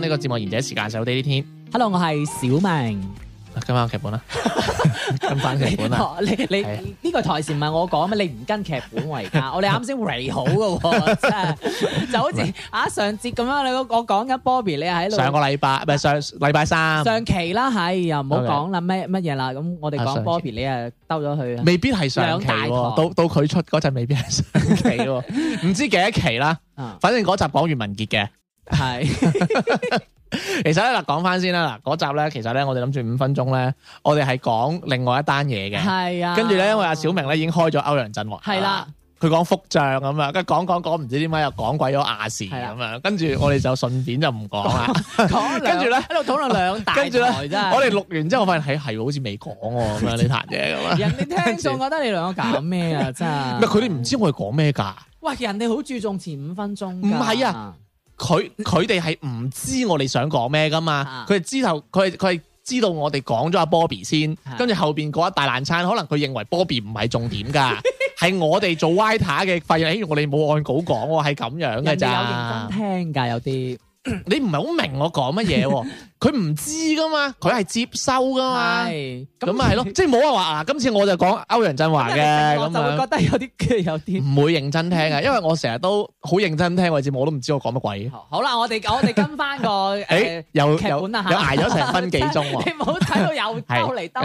呢個節目《賢者時間》就呢添。Hello 我係小明。今晚劇本啦，今晚劇本啊，你你呢個台詞唔係我講咩？你唔跟劇本為家，我哋啱先嚟，好噶，真係就好似啊上節咁樣，你我講緊 Bobby，你係喺上個禮拜，唔係上禮拜三，上期啦，哎呀唔好講啦咩，乜嘢啦，咁我哋講 Bobby，你啊兜咗去，未必係上期，到到佢出嗰陣未必係上期，唔知幾多期啦，反正嗰集講完文杰嘅。係是， 其實咧嗱，講翻先啦嗱，嗰集咧，其實咧，我哋諗住五分鐘咧，我哋係講另外一單嘢嘅，係啊，跟住咧，因為阿小明咧已經開咗歐陽震華，係啦是的，佢講復漲咁啊，跟住講講講，唔知點解又講鬼咗亞視，係咁啊，跟住我哋就順便就唔講啦，講，跟住咧喺度討論兩大台真係，跟住咧，我哋錄完之後我發現係係 好似未講喎咁樣呢壇嘢咁啊，樣 人哋聽眾覺得你兩個搞咩啊真係，係佢哋唔知我哋講咩噶，喂，人哋好注重前五分鐘，唔係啊。佢佢哋係唔知我哋想講咩噶嘛？佢哋知道，佢係佢係知道我哋講咗阿 Bobby 先 Bob by，啊，跟住後邊嗰一大爛餐，可能佢認為 Bobby 唔係重點㗎，係 我哋做 Yita 嘅發現。哎，我哋冇按稿講喎，係咁樣嘅咋。有冇有認真聽㗎？有啲。你唔係好明我講乜嘢，佢唔知噶嘛，佢係接收噶嘛，咁咪係咯，即係冇人話啊。今次我就講歐陽震華嘅，咁樣就會覺得有啲，有啲唔會認真聽啊，因為我成日都好認真聽我節目，我都唔知我講乜鬼。好啦，我哋我哋跟翻個誒，又劇本啊，又挨咗成分幾鐘，你唔好睇到有有嚟得？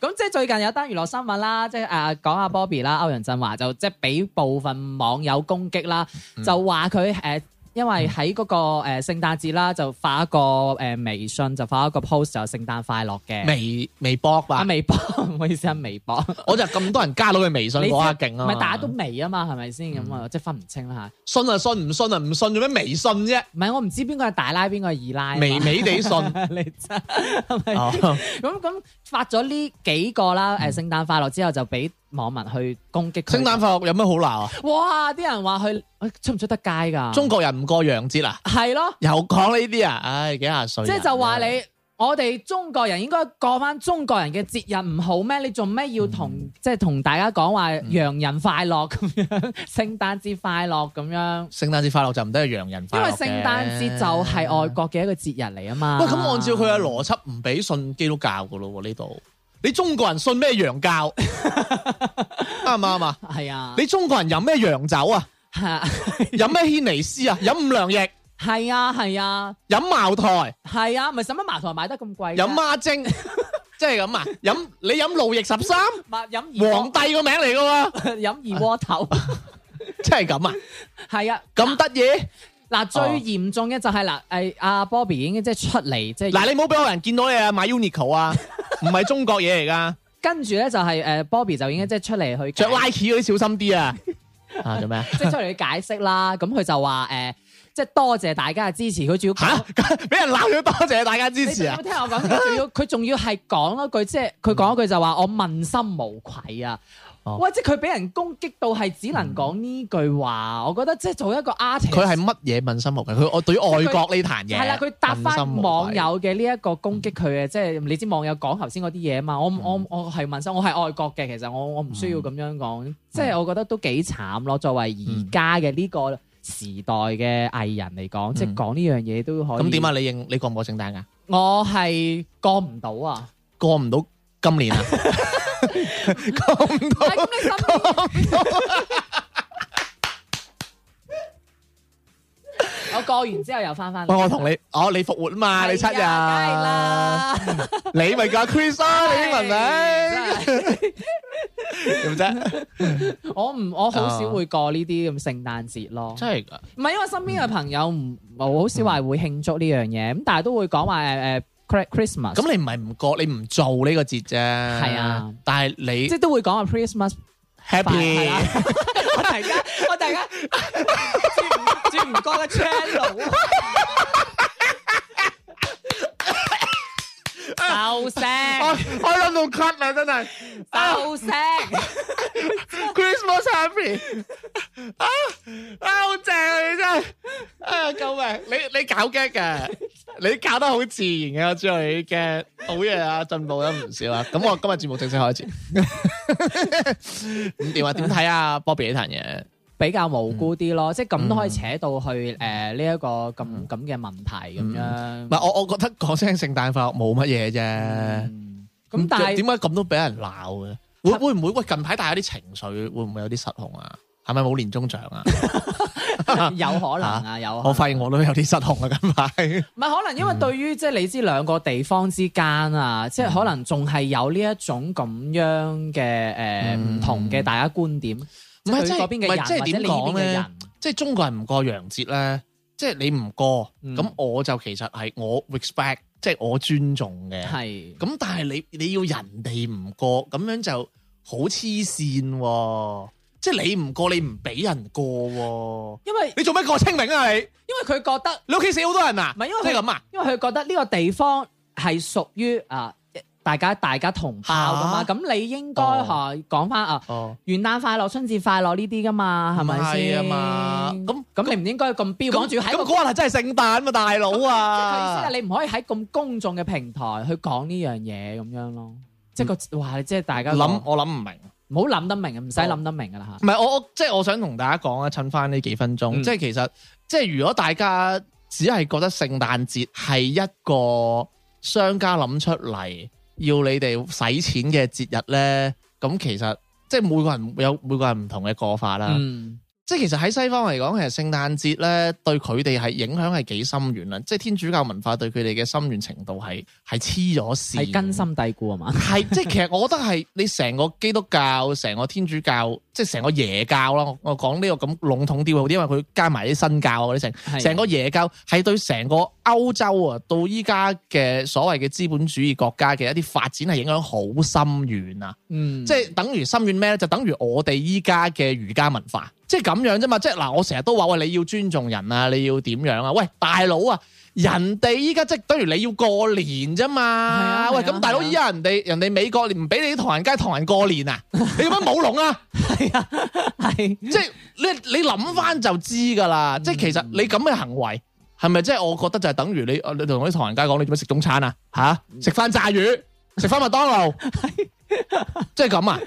咁即係最近有單娛樂新聞啦，即係誒講下 Bobby 啦，歐陽震華就即係俾部分網友攻擊啦，就話佢誒。因為喺嗰個誒聖誕節啦，就發一個誒微信，就發一個 post 就聖誕快樂嘅微微博吧，啊微博，唔好意思啊，微博，微博 我就咁多人加到佢微信，嗰下勁啊，唔係大家都微啊嘛，係咪先咁啊，即係分唔清啦吓，信啊信唔、啊、信啊唔信做咩微信啫、啊？唔係我唔知邊個係大拉，邊個係二拉，微微地信， 你真係，咁咁、哦、 發咗呢幾個啦，誒聖誕快樂之後就俾。網民去攻擊佢。聖誕快樂有咩好鬧啊？哇！啲人話佢、欸、出唔出得街噶？中國人唔過洋節啊？係咯的，又講呢啲啊？唉，幾廿歲。即係就話你，我哋中國人應該過翻中國人嘅節日唔好咩？你做咩要同、嗯、即係同大家講話洋人快樂咁樣，聖誕節快樂咁樣？聖誕節快樂就唔等於洋人快樂。因為聖誕節就係外國嘅一個節日嚟啊嘛。喂、嗯，不過，咁按照佢嘅邏輯，唔俾信基督教噶咯？呢度。你中國人信咩洋教？啱唔啱啊？係啊！你中國人飲咩洋酒啊？飲咩軒尼詩啊？飲五糧液？係啊係啊！飲茅台？係啊，咪使乜茅台買得咁貴？飲孖精？即係咁啊？飲你飲路易十三？咪飲皇帝個名嚟嘅喎？飲二鍋頭？即係咁啊？係啊！咁得意？嗱，最嚴重嘅就係、是、嗱，誒、啊、阿 Bobby 已經即係出嚟，即係嗱，你唔好俾我人見到你啊，買 Uniqlo 啊，唔係 中國嘢嚟噶。跟住咧就係、是、誒、啊、Bobby 就已經即係出嚟去着 Nike 啲，小心啲啊！ 啊做咩？即係出嚟去解釋啦。咁、啊、佢、嗯嗯、就話誒，即係多謝大家嘅支持。佢仲要俾人鬧咗，多謝大家支持啊！你有冇聽我講？佢仲要佢仲 要係講一句，即係佢講一句就話我問心無愧啊！喂，即係佢俾人攻擊到係只能講呢句話，我覺得即係做一個 artist，佢係乜嘢問心無愧？佢我對外國呢壇嘢係啦，佢答翻網友嘅呢一個攻擊佢嘅，即係你知網友講頭先嗰啲嘢啊嘛，我我我係問心，我係愛國嘅，其實我我唔需要咁樣講，即係我覺得都幾慘咯。作為而家嘅呢個時代嘅藝人嚟講，即係講呢樣嘢都可以。咁點啊？你認你過唔過聖誕啊？我係過唔到啊，過唔到今年啊。咁多，我過完之後又返返。我同你，哦，你復活啊嘛，你七日，你咪叫 Chris 啊，你明唔明？咁啫，我唔，我好少會過呢啲咁聖誕節咯。真係噶，唔係因為身邊嘅朋友唔，我好少話會慶祝呢樣嘢，咁但係都會講話，誒誒。Christmas，咁你唔係唔覺，你唔做呢個節啫。係啊，但係你即係都會講下，Christmas happy 我。我突然間，我突然間轉唔、轉唔過個 channel。 好聲！我我都唔 cut 啦，真係。好聲。Christmas happy 啊，啊好正啊，你真係啊，救命！你你搞 get 嘅，你搞得好自然嘅，我知，我哋啲 get 好嘢啊，進步有唔少啊。咁我今日節目正式開始。咁電話點睇啊？Bobby 呢壇嘢？比較無辜啲咯，即係咁都可以扯到去誒呢一個咁咁嘅問題咁樣。唔係我我覺得講聲聖誕快樂冇乜嘢啫。咁但係點解咁都俾人鬧嘅？會會唔會喂，近排大家啲情緒會唔會有啲失控啊？係咪冇年終獎啊？有可能啊有。我發現我都有啲失控啊近排。唔係可能因為對於即係你知兩個地方之間啊，即係可能仲係有呢一種咁樣嘅誒唔同嘅大家觀點。唔係即係唔係即係點講咧？人即係中國人唔過洋節咧，即係你唔過，咁、嗯、我就其實係我 respect，即係我尊重嘅。係咁是的，但係你你要人哋唔過，咁樣就好黐線。即係你唔過，你唔俾人過，啊。因為你做咩過清明啊你？你因為佢覺得你屋企死好多人啊？唔係因為咁啊？因為佢、啊、覺得呢個地方係屬於啊。Uh, 大家大家同胞噶嘛，咁你應該嚇講翻啊，元旦快樂、春節快樂呢啲噶嘛，係咪先？咁咁你唔應該咁標，講住喺個關係真係聖誕嘛，大佬啊！即係意思係你唔可以喺咁公眾嘅平台去講呢樣嘢咁樣咯，即係個哇！即係大家諗，我諗唔明，唔好諗得明，唔使諗得明噶啦嚇。唔係我即係我想同大家講啊，趁翻呢幾分鐘，即係其實即係如果大家只係覺得聖誕節係一個商家諗出嚟。要你哋使錢嘅節日咧，咁其實即係每個人有每個人唔同嘅過法啦。嗯即係其實喺西方嚟講，其實聖誕節咧對佢哋係影響係幾深遠啦。即係天主教文化對佢哋嘅深遠程度係係黐咗線，根深蒂固吖嘛？係 即係其實我覺得係你成個基督教、成個天主教，即係成個耶教咯。我講呢個咁籠統啲會好啲，因為佢加埋啲新教嗰啲成，成個耶教係對成個歐洲啊，到依家嘅所謂嘅資本主義國家嘅一啲發展係影響好深遠啊。嗯，即係等於深遠咩咧？就等於我哋依家嘅儒家文化。即係咁樣啫嘛，即係嗱，我成日都話喂，你要尊重人啊，你要點樣啊？喂，大佬啊，人哋依家即係、就是、等於你要過年啫嘛，啊、喂，咁、啊、大佬依、啊、家、啊、人哋人哋美國唔俾你唐人街唐人過年啊，你做乜舞龍啊？係 啊，係、啊， 即係你你諗翻就知㗎啦，即係其實你咁嘅行為係咪即係我覺得就係、是、等於你你，你同啲唐人街講你做乜食中餐啊？嚇，食翻炸魚，食翻麥當勞。 即係咁啊！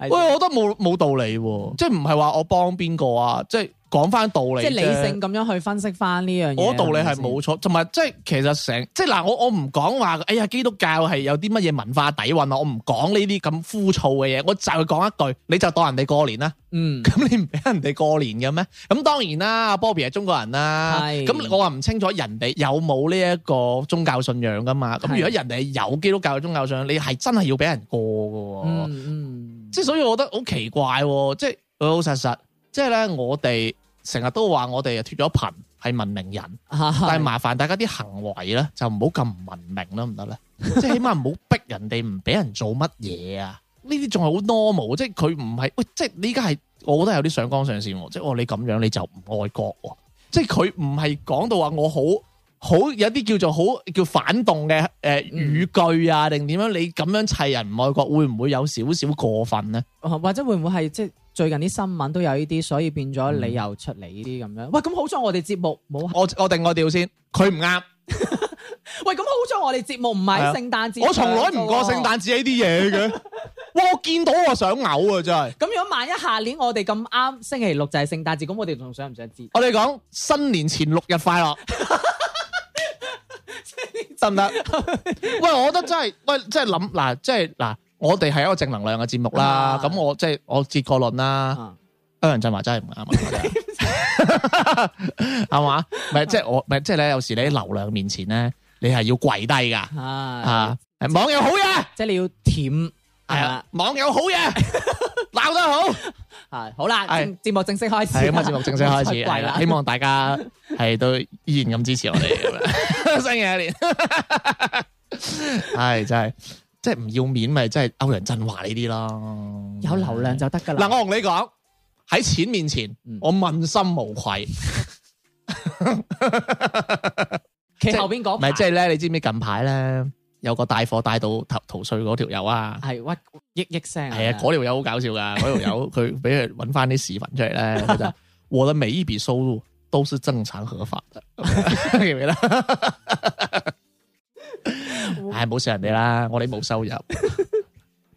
喂，我我覺得冇冇道理喎，即係唔係話我幫邊個啊，即係、啊。即講翻道理，即係理性咁樣去分析翻呢樣嘢。我個道理係冇錯，同埋即係其實成即係嗱，我我唔講話，哎呀基督教係有啲乜嘢文化底蘊啊，我唔講呢啲咁枯燥嘅嘢。我就係講一句，你就當人哋過年啦。嗯，咁你唔俾人哋過年嘅咩？咁當然啦，Bobby 係中國人啦。係，咁我話唔清楚人哋有冇呢一個宗教信仰噶嘛？咁如果人哋有基督教嘅宗教信仰，你係真係要俾人過噶。嗯嗯，即係所以我覺得好奇怪，即係老老實實，即係咧我哋。成日都話我哋啊，脫咗貧係文明人。的但係麻煩大家啲行為咧就唔好咁文明啦，唔得咧，即係起碼唔好逼人哋唔俾人做乜嘢啊！呢啲仲係好 normal，即係佢唔係喂，即係你而家係我覺得有啲上綱上線喎，即係我你咁樣你就唔愛國喎，即係佢唔係講到話我好好有啲叫做好叫反動嘅誒語句啊，定點樣你咁樣砌人唔愛國會唔會有少少過分咧？或者會唔會係即係？最近啲新聞都有呢啲，所以變咗你又出嚟呢啲咁樣。喂，咁好彩我哋節目冇。我我定我調先，佢唔啱。 喂，咁好彩我哋節目唔係聖誕節，嗯。我從來唔過聖誕節呢啲嘢嘅。哇！我見到我想嘔啊！真係。咁如果萬一下年我哋咁啱星期六就係聖誕節，咁我哋仲想唔想知？我哋講新年前六日快樂，得唔得？ 喂，我覺得真係，喂，真係諗嗱，真係嗱。我哋係一個正能量嘅節目啦，咁我即係我接個論啦。歐陽振華真係唔啱，係嘛？唔係即係我，唔係即係咧。有時你喺流量面前咧，你係要跪低噶。啊，網友好嘢，即係你要舔。係啊，網友好嘢，鬧得好。係好啦，節目正式開始。係咁啊，節目正式開始。係啦，希望大家係都依然咁支持我哋。新年好，係真係。即係唔要面咪，即係歐陽振華呢啲咯。有流量就得噶啦。嗱，我同你講喺錢面前，嗯、我問心無愧。其實 後邊講唔係即係咧，你知唔知近排咧有個帶貨帶到逃逃稅嗰條友啊？係郁億億聲，係啊，嗰條友好搞笑噶，嗰條友佢俾佢揾翻啲視頻出嚟咧。就 我的每一筆收入都是正常合法嘅。記唔記得？ 唉，冇笑人哋啦，我哋冇收入，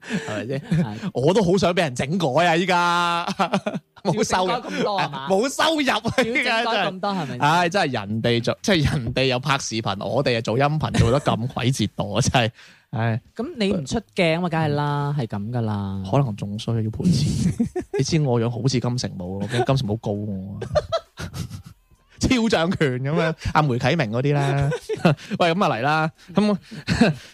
係咪先？ 我都好想俾人整改啊！依家冇收入，咁多係嘛？冇收入啊！少修改咁多係咪？ 唉，真係人哋做，即係人哋又拍視頻，我哋又做音頻，做得咁鬼折墮，真係唉，咁你唔出鏡嘛？梗係啦，係咁噶啦。 可能仲衰要賠錢， 你知我樣好似金城武咯，金城武高我啊。 超像權咁樣，阿梅啟明嗰啲啦，喂，咁啊嚟啦，咁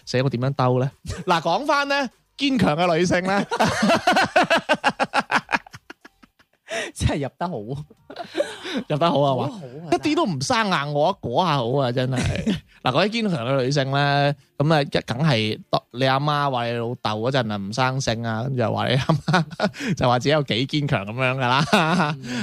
寫我點樣鬥咧？嗱，講翻咧堅強嘅女性咧，真係入得好，入得好啊嘛，一啲都唔生硬，我一講下好啊，真係。嗱，嗰啲堅強嘅女性咧，咁啊一梗係，你阿媽話你老豆嗰陣啊唔生性啊，咁就話你阿媽就話自己有幾堅強咁樣噶啦。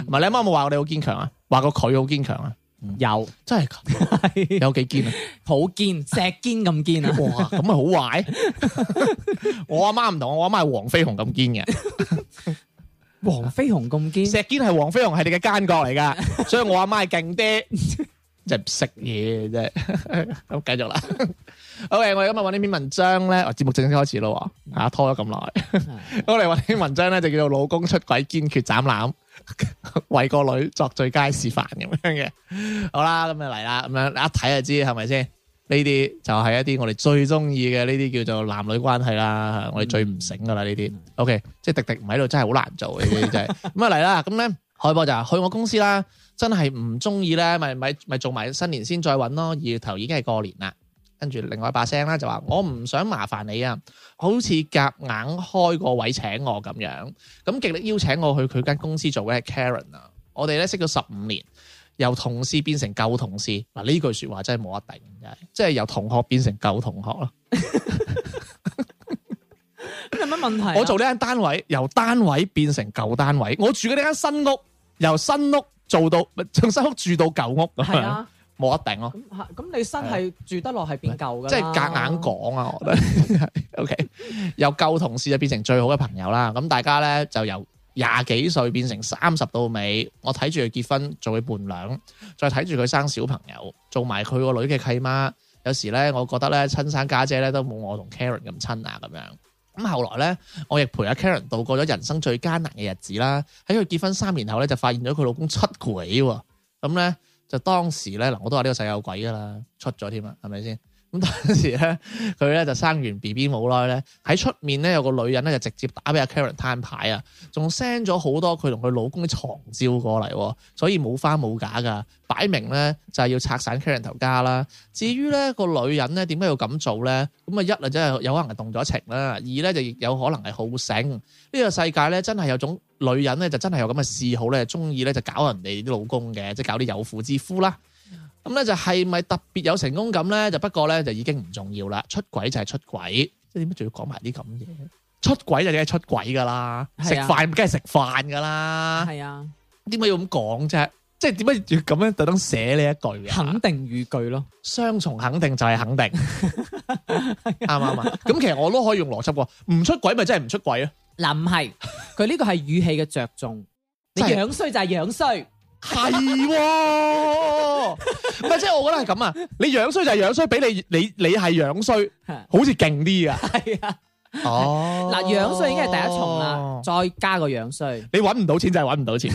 唔係你阿媽有冇話我哋好堅強啊？話過佢好堅強啊，有真係咁有幾堅啊，好堅石堅咁堅啊，哇咁咪好壞？我阿媽唔同我，我阿媽係黃飛鴻咁堅嘅，黃飛鴻咁堅，石堅係黃飛鴻係你嘅奸角嚟噶，所以我阿媽係勁啲，即係唔識嘢啫。好，繼續啦，OK，我哋今日搵呢篇文章咧，節目正式開始咯，吓拖咗咁耐，我嚟搵呢篇文章咧就叫做老公出軌堅決斬纜。 為個女作最佳示範咁樣嘅， 好啦，咁就嚟啦，咁樣一睇就知係咪先？呢啲就係一啲我哋最中意嘅呢啲叫做男女關係啦，嗯、我哋最唔醒噶啦呢啲。OK，即係迪迪唔喺度，真係好難做嘅、就是、呢啲就係。咁啊嚟啦，咁咧，海波就話去我公司啦，真係唔中意咧，咪咪咪做埋新年先再搵咯，二月頭已經係過年啦。跟住另外一把聲啦，就話我唔想麻煩你啊，好似夾硬，硬開個位請我咁樣。咁極力邀請我去佢間公司做嘅係 Karen 啊，我哋咧識咗十五年，由同事變成舊同事。嗱呢句説話真係冇得頂嘅，即係由同學變成舊同學咯。有乜問題，啊？我做呢間單位，由單位變成舊單位。我住嘅呢間新屋，由新屋做到，從新屋住到舊屋。係啊的。 冇一定咯。咁你身係住得落，係變舊㗎。即係夾硬講啊！我覺得 OK，由舊同事就變成最好嘅朋友啦。咁大家咧就由廿幾歲變成三十到尾，我睇住佢結婚做佢伴娘，再睇住佢生小朋友，做埋佢個女嘅契媽。有時咧，我覺得咧，親生家姐咧都冇我同 Karen 咁親啊。咁樣，咁後來咧，我亦陪阿 Karen 度過咗人生最艱難嘅日子啦。喺佢結婚三年後咧，就發現咗佢老公出軌喎。咁咧。就當時咧，嗱，我都話呢個世有鬼噶啦，出咗添啊，係咪先？咁當時咧，佢咧就生完 B B 冇耐咧，喺出面咧有個女人咧就直接打俾阿 Karen 攤牌啊，仲 send 咗好多佢同佢老公嘅床照過嚟，所以冇花冇假噶，擺明咧就係要拆散 Karen 頭家啦。至於咧個女人咧點解要咁做咧？咁啊一啊真係有可能係動咗情啦，二咧就亦有可能係好醒。呢個世界咧真係有種女人咧就真係有咁嘅嗜好咧，中意咧就搞人哋啲老公嘅，即係搞啲有婦之夫啦。咁咧、嗯、就係、是、咪特別有成功感咧？就不過咧就已經唔重要啦。出軌就係出軌，即係點解仲要講埋啲咁嘢？出軌就梗係出軌噶啦，食飯梗係食飯噶啦。係啊，點解要咁講啫？即係點解要咁樣特登寫呢一句呢？肯定語句咯，雙重肯定就係肯定，啱嘛啱嘛。咁其實我都可以用邏輯嘅，唔出軌咪真係唔出軌嗱，唔係、啊，佢呢個係語氣嘅着重，你樣衰就係樣衰。 係，唔係即係我覺得係咁啊！你樣衰就係樣衰，俾你你你係樣衰，好似勁啲啊！係啊，哦，嗱，樣衰已經係第一重啦，再加個樣衰，你揾唔到錢就係揾唔到錢，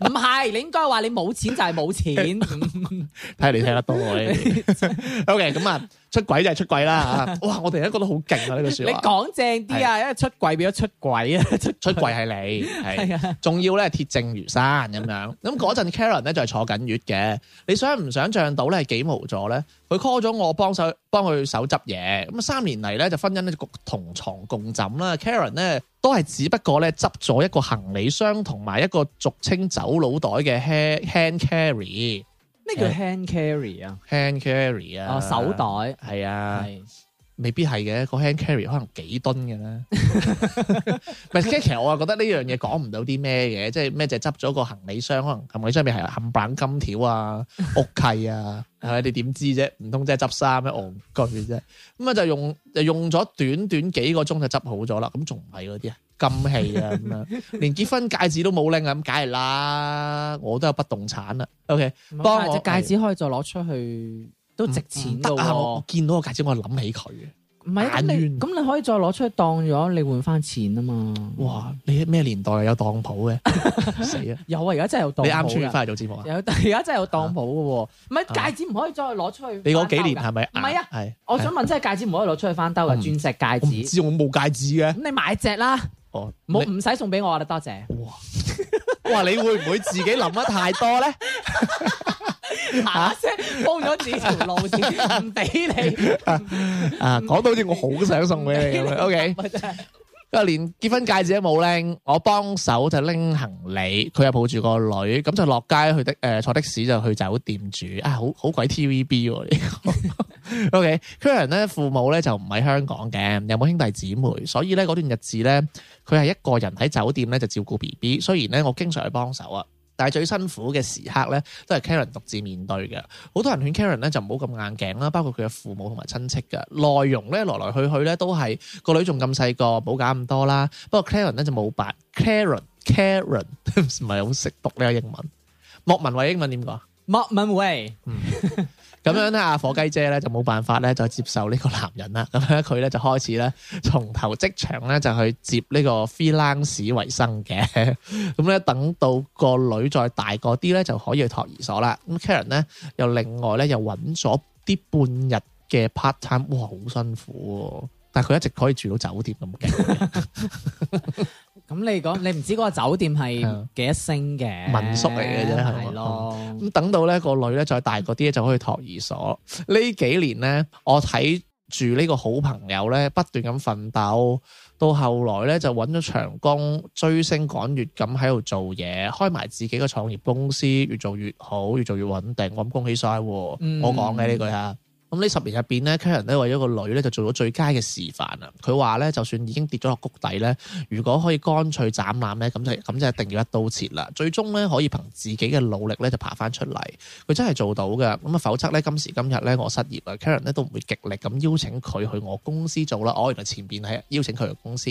唔係你應該話你冇錢就係冇錢，睇嚟睇得多啊！OK，咁啊。出軌就係出軌啦嚇！哇，我哋而家覺得好勁啊呢句説話。你講正啲啊， 啊是因為出軌變咗出軌啊，出軌出軌係你係啊！仲 要咧，鐵證如山咁樣。咁嗰陣 Karen 咧就係坐緊月嘅，你想唔想像到咧係幾無助咧？佢 call 咗我幫手幫佢手執嘢。咁三年嚟咧就婚姻咧焗同床共枕啦。Karen 咧都係只不過咧執咗一個行李箱同埋一個俗稱走佬袋嘅 hand, hand carry。咩叫 hand carry 啊？hand carry 啊？哦，手袋係啊，係未必係嘅個 hand carry 可能幾噸嘅咧。咪其實我啊覺得呢樣嘢講唔到啲咩嘅，即係咩就執咗個行李箱，可能行李箱入面係冚板金條啊、屋契啊，係咪？你點知啫？唔通即係執衫咩戇居啫？咁啊就用就用咗短短幾個鐘就執好咗啦。咁仲唔係嗰啲啊？金器啊，咁樣連結婚戒指都冇拎啊，咁梗係啦。我都有不動產啦，O K。當隻戒指可以再攞出去，都值錢。得啊，我見到個戒指，我諗起佢唔係啊，你咁你可以再攞出去當咗，你換翻錢啊嘛。哇，你咩年代有當鋪嘅？死啊！有啊，而家真係有當。你啱先翻嚟做節目啊？有，而家真係有當鋪嘅。唔係戒指唔可以再攞出去。你嗰幾年係咪？唔係啊，係我想問，真係戒指唔可以攞出去翻兜嘅鑽石戒指？唔知，我冇戒指嘅。咁你買隻啦。冇，唔使送俾我啦，多謝。哇， 哇，你會唔會自己諗得太多咧？吓，即係鋪咗自己條路，唔俾你。你你你你啊，講到好似我好想送俾你咁樣，OK。真連結婚戒指都冇拎，我幫手就拎行李，佢又抱住個女，咁就落街去的誒、呃、坐的士就去酒店住、哎、啊，好好鬼 TVB 喎。 OK，佢人咧父母咧就唔喺香港嘅，有冇兄弟姊妹？所以咧嗰段日子咧，佢係一個人喺酒店咧就照顧 BB。雖然咧我經常去幫手啊。但係最辛苦嘅時刻咧，都係 Karen 獨自面對嘅。好多人勸 Karen 咧就唔好咁硬頸啦，包括佢嘅父母同埋親戚嘅。內容咧來來去去咧都係個女仲咁細個，冇搞咁多啦。不過 Karen 咧就冇白，Karen Karen，唔係好識讀呢個英文。莫文蔚英文點講？莫文蔚。嗯 咁樣咧，阿火雞姐咧就冇辦法咧，就接受呢個男人啦。咁咧，佢咧就開始咧，從頭職場咧就去接呢個 freelance 為生嘅。咁咧，等到個女再大個啲咧，就可以去托兒所啦。咁 Karen 咧，又另外咧又揾咗啲半日嘅 part time，哇，好辛苦喎，啊！但係佢一直可以住到酒店咁嘅。 咁、嗯、你講你唔知嗰個酒店係幾多星嘅民宿嚟嘅啫，係咯。咁的、嗯、等到咧個女咧再大個啲，就可以托兒所。呢 幾年咧，我睇住呢個好朋友咧不斷咁奮鬥，到後來咧就揾咗長工追星趕月咁喺度做嘢，開埋自己個創業公司，越做越好，越做越穩定。我諗恭喜晒，嗯、我講嘅呢句吓。咁呢十年入邊咧，Karen 咧為咗個女咧就做咗最佳嘅示範啦。佢話咧，就算已經跌咗落谷底咧，如果可以乾脆斬纜咧，咁就咁就一定要一刀切啦。最終咧可以憑自己嘅努力咧就爬返出嚟。佢真係做到嘅。咁啊，否則咧今時今日咧我失業啦。Karen 咧都唔會極力咁邀請佢去我公司做啦。哦，原來前邊係邀請佢嘅公司。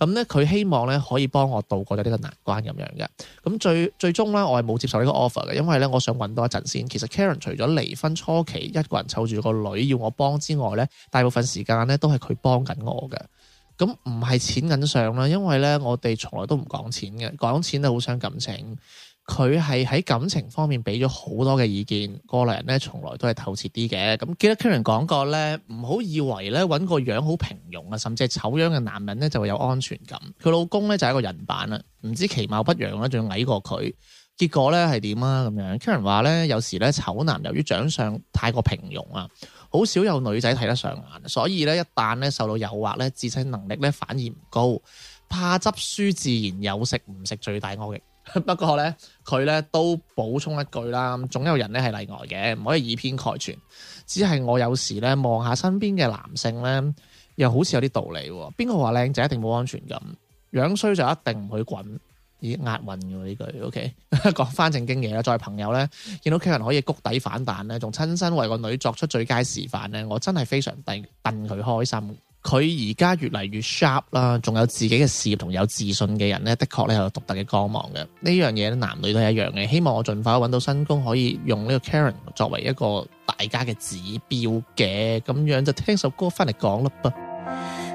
咁咧，佢、嗯、希望咧可以幫我渡過咗呢個難關咁樣嘅。咁、嗯、最最終咧，我係冇接受呢個 offer 嘅，因為咧，我想揾多一陣先。其實 Karen 除咗離婚初期一個人湊住個女要我幫之外咧，大部分時間咧都係佢幫緊我嘅。咁唔係錢緊上啦，因為咧我哋從來都唔講錢嘅，講錢咧好傷感情。佢係喺感情方面俾咗好多嘅意見，過來人咧從來都係透徹啲嘅。咁記得 Kieran 講過咧，唔好以為咧揾個樣好平庸啊，甚至係醜樣嘅男人咧就會有安全感。佢老公咧就係一個人版啦，唔知其貌不揚啦，仲要矮過佢。結果咧係點啊？咁樣 Kieran 話咧，有時咧醜男由於長相太過平庸啊，好少有女仔睇得上眼，所以咧一旦咧受到誘惑咧，自省能力咧反而唔高，怕執輸自然有食唔食最大惡極。 不過咧，佢咧都補充一句啦，總有人咧係例外嘅，唔可以以偏概全。只係我有時咧望下身邊嘅男性咧，又好似有啲道理。邊個話靚仔一定冇安全感，樣衰就一定唔會滾？咦，押韻嘅喎呢句，OK，講 翻正經嘢啦。作為朋友咧，見到屋企人可以谷底反彈咧，仲親身為個女作出最佳示範咧，我真係非常戥戥佢開心。佢而家越嚟越 sharp 啦，仲有自己嘅事業同有自信嘅人咧，的確咧有獨特嘅光芒嘅。呢樣嘢男女都係一樣嘅。希望我盡快可以搵到新工，可以用呢個 Karen 作為一個大家嘅指標嘅。咁樣就聽首歌翻嚟講啦噃。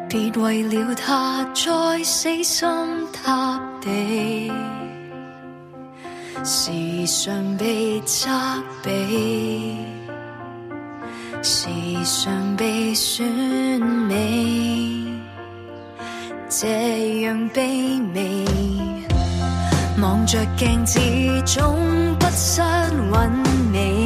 別為了他，再死心塌地，時常被責備。時常被選美，這樣卑微，望着鏡子總不失韻味。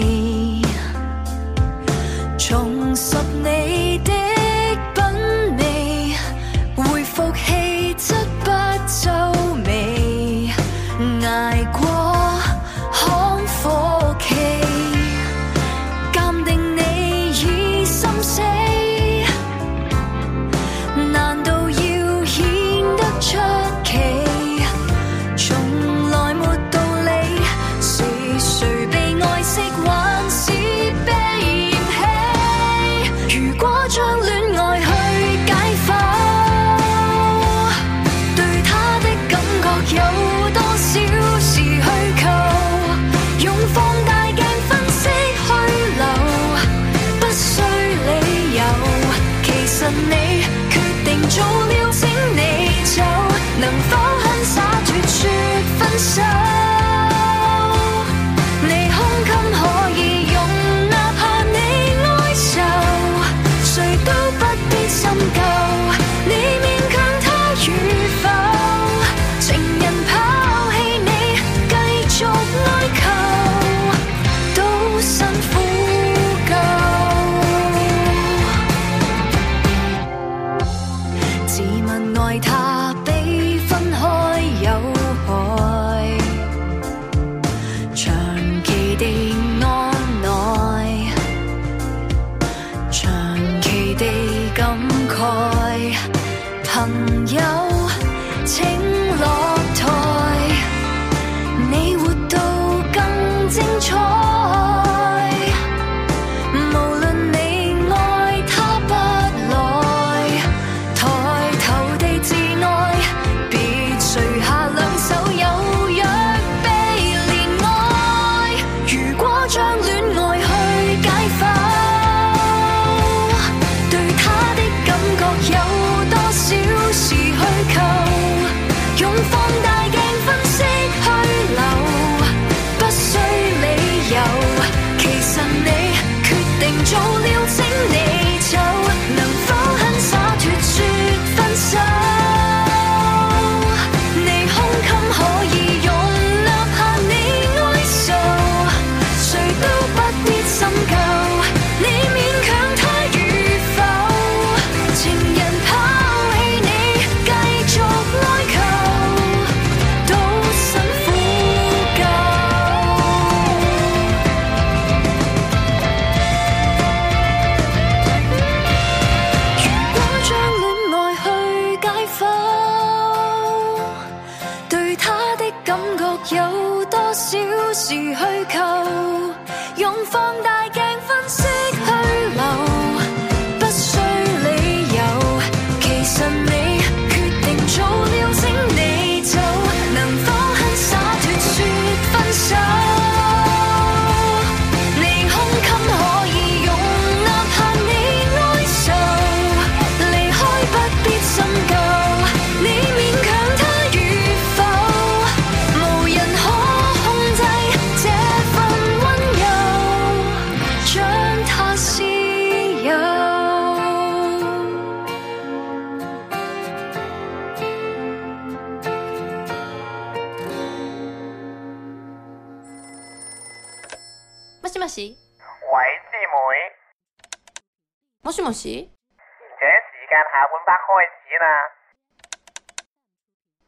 冇事冇事。賢者時間下半 part 開始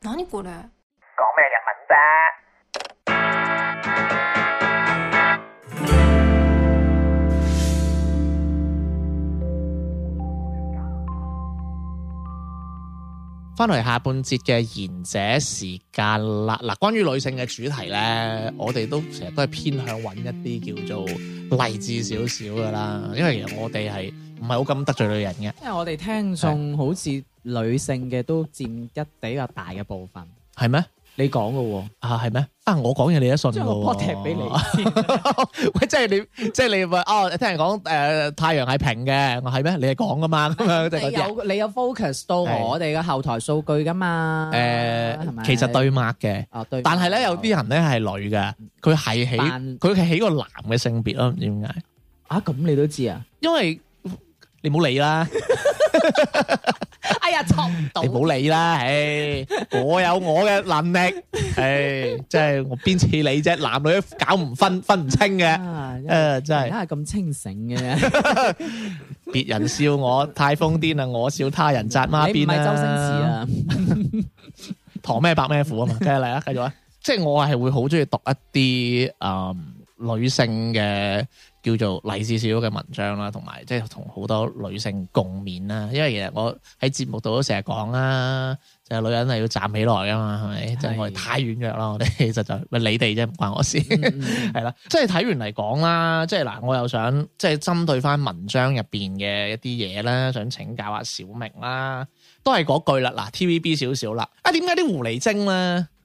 啦。咩嚟？講咩日文啫？返嚟下半節嘅賢者時間啦。嗱，關於女性嘅主題咧，我哋都成日都係偏向揾一啲叫做勵志少少㗎喇。因為其實我哋係唔係好咁得罪女人嘅，因為我哋聽眾好似女性嘅都占一比較大嘅部分，係咩？你講噶喎，啊係咩？啊我講嘢你都信噶喎，即係我 po 貼俾你，即係你即係你咪哦，聽人講誒太陽係平嘅，我係咩？你係講噶嘛？咁樣你有你有 focus 到我哋嘅後台數據噶嘛？誒，係咪？其實對罵嘅，但係咧有啲人咧係女嘅，佢係起佢係起個男嘅性別咯，唔知點解啊？咁你都知啊？因為。你唔好理啦，哎呀，錯唔到。你唔好理啦，唉，我有我嘅能力，唉、哎，真、就、係、是、我邊似你啫，男女都搞唔分，分唔清嘅，誒、啊，真係、啊。你係咁清醒嘅，別人笑我太瘋癲啊，我笑他人紮孖辮啦。唔係周星馳啊 白，唐咩白咩苦啊嘛，繼續嚟啊，繼續啊。即係我係會好中意讀一啲誒、呃、女性嘅。叫做勵志少少嘅文章啦，同埋即係同好多女性共勉啦。因為其實我喺節目度都成日講啦，就係女人係要站起來噶嘛，係咪？即係我哋太軟弱啦，我哋其實就喂，你哋啫，唔關我事。係啦，嗯，即係睇完嚟講啦，即係嗱，我又想即係針對翻文章入邊嘅一啲嘢啦，想請教下小明啦，都係嗰句啦。嗱，TVB 少少啦，啊，點解啲狐狸精咧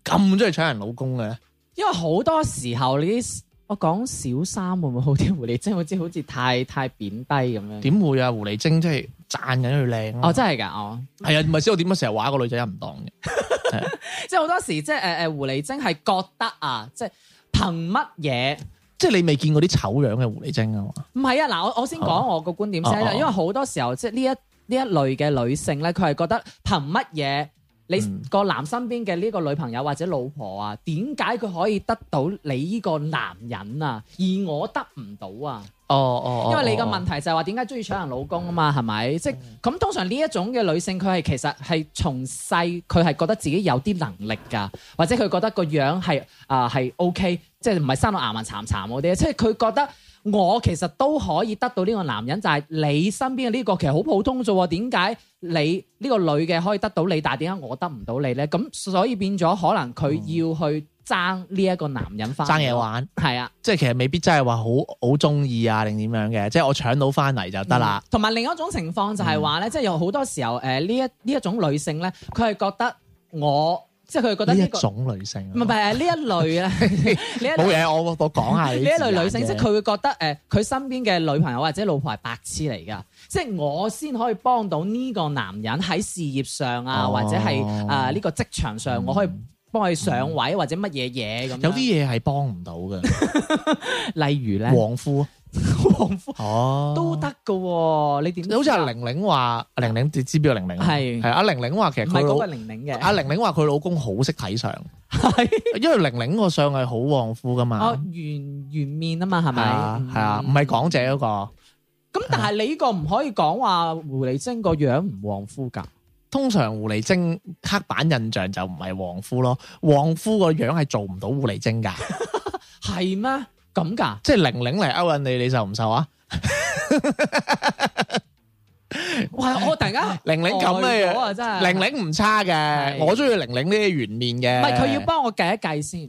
咁中意搶人老公嘅？因為好多時候呢啲。我講小三會唔會好啲，狐狸精，我知好似太太貶低咁樣。點會啊？狐狸精即係讚緊佢靚。哦，真係㗎，哦，係啊，唔係知我點解成日話一個女仔唔當嘅？即係好多時，即係誒誒，狐狸精係覺得啊，即係憑乜嘢？即係你未見過啲醜樣嘅狐狸精啊？唔係啊，嗱，我先、oh. 我先講我個觀點先、oh. 因為好多時候即係呢一呢一類嘅女性咧，佢係覺得憑乜嘢？你個男身邊嘅呢個女朋友或者老婆啊，點解佢可以得到你呢個男人啊，而我得唔到啊？哦哦，因為你個問題就係話點解中意搶人老公啊嘛，係咪、mm.？即係咁通常呢一種嘅女性，佢係其實係從細佢係覺得自己有啲能力噶，或者佢覺得個樣係啊係 OK，即係唔係生到牙牙殘殘嗰啲，即係佢覺得。我其實都可以得到呢個男人，就係、是、你身邊嘅呢個其實好普通啫喎。點解你呢個女嘅可以得到你，但係點解我得唔到你呢？咁所以變咗可能佢要去爭呢一個男人翻嚟。爭嘢玩？係啊，即係其實未必真係話好好中意啊，定點樣嘅？即係我搶到翻嚟就得啦。同埋、嗯、另一種情況就係話呢，嗯、即係有好多時候誒呢、呃、一呢一種女性呢，佢係覺得我。即係佢覺得呢、呢個、一種女性，唔係唔係呢一類咧，呢 一冇嘢，我我講下呢一類女性， 即係佢會覺得誒，佢、呃、身邊嘅女朋友或者老婆係白痴嚟噶，即係我先可以幫到呢個男人喺事業上啊，哦、或者係啊呢個職場上，我可以幫佢上位、嗯、或者乜嘢嘢咁。有啲嘢係幫唔到嘅， 例如咧呢旺夫。旺夫哦，都得噶，你點？好似阿玲玲話，玲玲，你知唔知玲玲？係，係阿玲玲話，其實唔係嗰個玲玲嘅。阿玲玲話佢老公好識睇相，係因為玲玲個相係好旺夫噶嘛。哦，圓圓面啊嘛，係咪？係啊，唔係港姐嗰個。咁但係你呢個唔可以講話狐狸精個樣唔旺夫噶。通常狐狸精刻板印象就唔係旺夫咯，旺夫個樣係做唔到狐狸精噶，係咩？咁噶，即係玲玲嚟勾引你，你受唔受啊？ 喂，我突然間，玲玲咁嘅嘢，真係玲玲唔差嘅，的我中意玲玲呢啲圓面嘅。唔係，佢要幫我計一計先，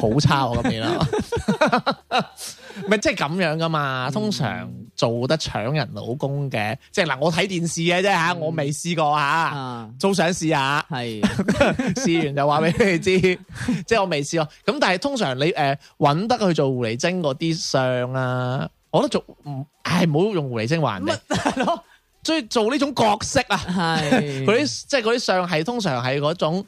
好 差我咁面啊！ 咪 即係咁樣噶嘛？通常做得搶人老公嘅，即係嗱，我睇電視嘅啫吓，我未試過吓，啊嗯啊、做想試下，係試是的 完就話俾你知， 即係我未試過。咁但係通常你誒搵、呃、得去做狐狸精嗰啲相啊，我都做唔係好用狐狸精玩嘅，咪咯，即係 做呢種角色啊，係啲的 即係嗰啲相係通常係嗰種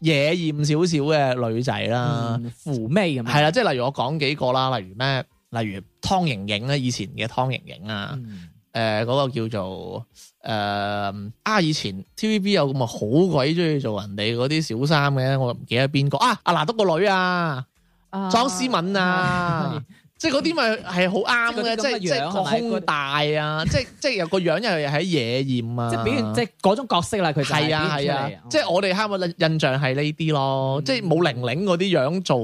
野艷少少嘅女仔啦，嫵媚咁，係啦的，即係例如我講幾個啦，例如咩？例如湯盈盈咧，以前嘅湯盈盈啊，誒嗰、嗯呃嗰個叫做誒、呃、啊，以前 T V B 有咁啊，好鬼中意做人哋嗰啲小三嘅，我唔記得邊個啊，阿拿督個女啊，莊思、啊、敏啊， 即係嗰啲咪係好啱嘅，即係即係個胸大啊， 即係即係個樣又又喺野艷啊，即係表現即係嗰種角色啦。佢係啊係啊，啊啊即係我哋吓我印象係呢啲咯，嗯、即係冇玲玲嗰啲樣做，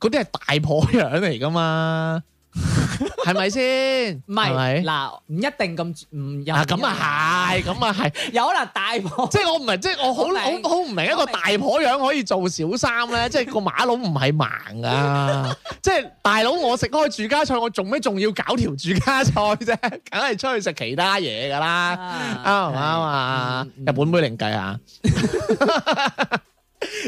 嗰啲係大婆樣嚟噶嘛。係咪先？唔係嗱，唔一定咁唔啊，咁啊係，咁啊係，有可能大婆，即係我唔係，即係我好好好唔明，一個大婆樣可以做小三咧，即係個馬佬唔係盲㗎，即係大佬我食開住家菜，我做咩仲要搞條住家菜啫？梗係出去食其他嘢噶啦，啱唔啱啊？日本妹定計下。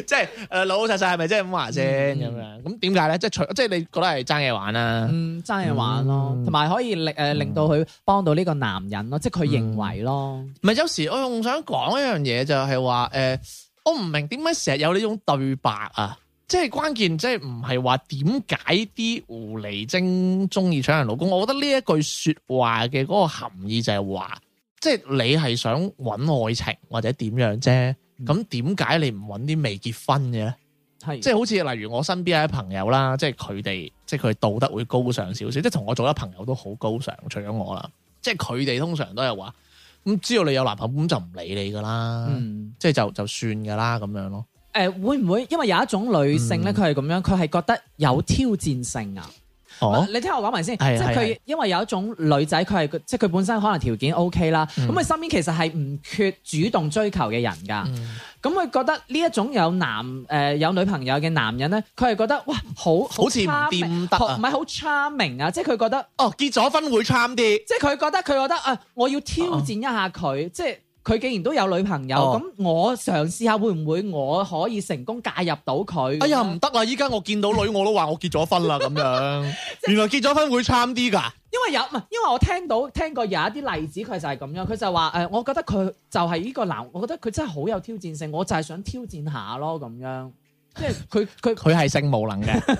即係誒老老實實係咪即係咁話先咁樣？咁點解咧？即係除即係你覺得係爭嘢玩啦、啊，嗯，爭嘢玩咯、啊，同埋、嗯、可以令誒、呃、令到佢幫到呢個男人咯，嗯、即係佢認為咯、啊。咪、嗯、有時我仲想講一樣嘢就係話誒，我唔明點解成日有呢種對白啊？即係關鍵即係唔係話點解啲狐狸精中意搶人老公？我覺得呢一句說話嘅嗰個含義就係話，即係你係想搵愛情或者點樣啫。嗯咁點解你唔揾啲未結婚嘅咧？係即係好似例如我身邊啲朋友啦，即係佢哋，即係佢道德會高尚少少，即係同我做咗朋友都好高尚，除咗我啦，即係佢哋通常都有話，咁知道只要你有男朋友，咁、嗯、就唔理你噶啦，即係就就算噶啦咁樣咯。誒、呃，會唔會因為有一種女性咧，佢係咁樣，佢係覺得有挑戰性啊？嗯嗯。哦、你聽我講埋先，係係係即係佢因為有一種女仔，佢係即係佢本身可能條件 O K 啦，咁佢身邊其實係唔缺主動追求嘅人㗎，咁佢、嗯、覺得呢一種有男誒、呃、有女朋友嘅男人咧，佢係覺得哇好好似唔掂得唔係好 charm 明啊，char 啊，即係佢覺得哦結咗婚會 charm 啲，即係佢覺得佢覺得啊、呃，我要挑戰一下佢，哦、即係。佢竟然都有女朋友，咁、哦、我嘗試下會唔會我可以成功介入到佢？哎呀呦，唔得啦！依家我見到女 我都話我結咗婚啦咁樣， 原來結咗婚會差啲噶。因為有唔係，因為我聽到聽過有一啲例子，佢就係咁樣，佢就話誒，我覺得佢就係呢個男，我覺得佢真係好有挑戰性，我就係想挑戰下咯咁樣，即係佢佢佢係性無能嘅。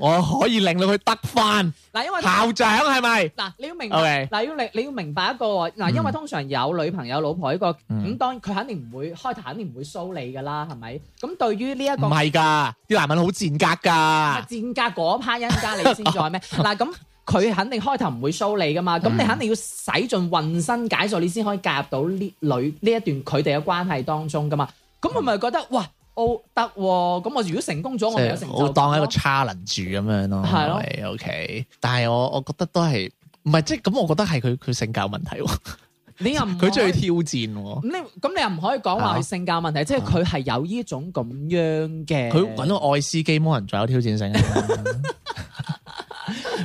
我可以令到佢得翻，嗱，因為校長係咪？嗱，你要明，嗱，要你你要明白一個喎，嗱，因為通常有女朋友、老婆呢個，咁當然佢肯定唔會開頭肯定唔會騷你噶啦，係咪？咁對於呢一個，唔係噶，啲男人好賤格噶，賤格嗰 part 而家你先再咩？嗱，咁佢肯定開頭唔會騷你噶嘛，咁你肯定要使盡渾身解數，你先可以介入到呢女呢一段佢哋嘅關係當中噶嘛？咁係咪覺得哇？奧得喎，咁我、哦哦、如果成功咗，的我咪有成就。我當係一個 challenge 咁樣咯。係咯，OK。但係我我覺得都係，唔係即係咁，我覺得係佢佢性格問題。你又唔佢中意挑戰喎？咁你又唔可以講話佢性格問題，即係佢係有呢種咁樣嘅。佢搵個愛斯基摩人仲有挑戰性、啊。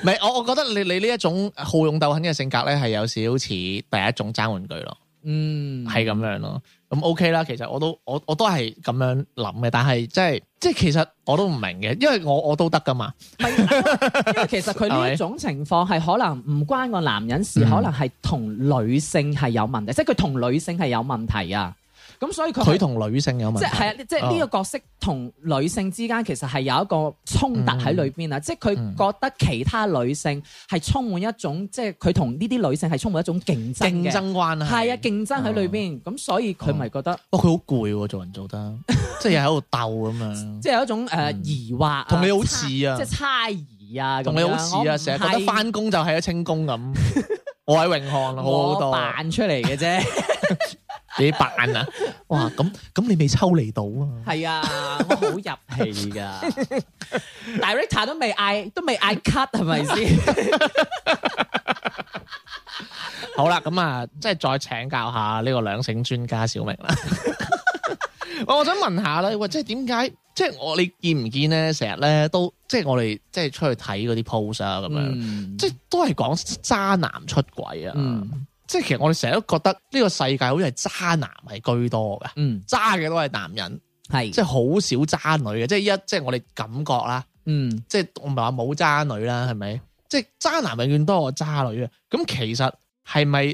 唔係， 我我覺得你你呢一種好勇鬥狠嘅性格咧，係有少少似第一種爭玩具咯。嗯，係咁樣咯。咁 OK 啦，其實我都我我都係咁樣諗嘅，但係即係即係其實我都唔明嘅，因為我我都得㗎嘛。 因為因為其實佢呢種情況係可能唔關個男人事，可能係同女性係有問題，嗯、即係佢同女性係有問題啊。咁所以佢佢同女性有問題，即係啊，即係呢個角色同女性之間其實係有一個衝突喺裏邊啊！即係佢覺得其他女性係充滿一種，即係佢同呢啲女性係充滿一種競爭競爭關係，係啊，競爭喺裏邊。咁所以佢咪覺得哦，佢好攰喎，做人做得即係喺度鬥咁啊！即係有一種誒疑惑，同你好似啊，即係猜疑啊，同你好似啊，成日覺得返工就係一清工咁。我喺榮巷好我扮出嚟嘅啫。幾扮啊！哇，咁咁你未抽離到啊？係啊，我好入戲噶 ，director 都未嗌，都未嗌 cut 係咪先？ 好啦，咁啊，即係再請教下呢個兩性專家小明啦。 我想問下咧，喂，即係點解？即係我你見唔見咧？成日咧都即係我哋即係出去睇嗰啲 post 啊，咁樣，嗯、即係都係講渣男出軌啊。嗯即係，其實我哋成日都覺得呢個世界好似係渣男係居多嘅，嗯，渣嘅都係男人係，是的 即係好少渣女嘅。即係依一，即係我哋感覺啦，嗯，即係我唔係話冇渣女啦，係咪？即係渣男永遠多過渣女啊。咁其實係咪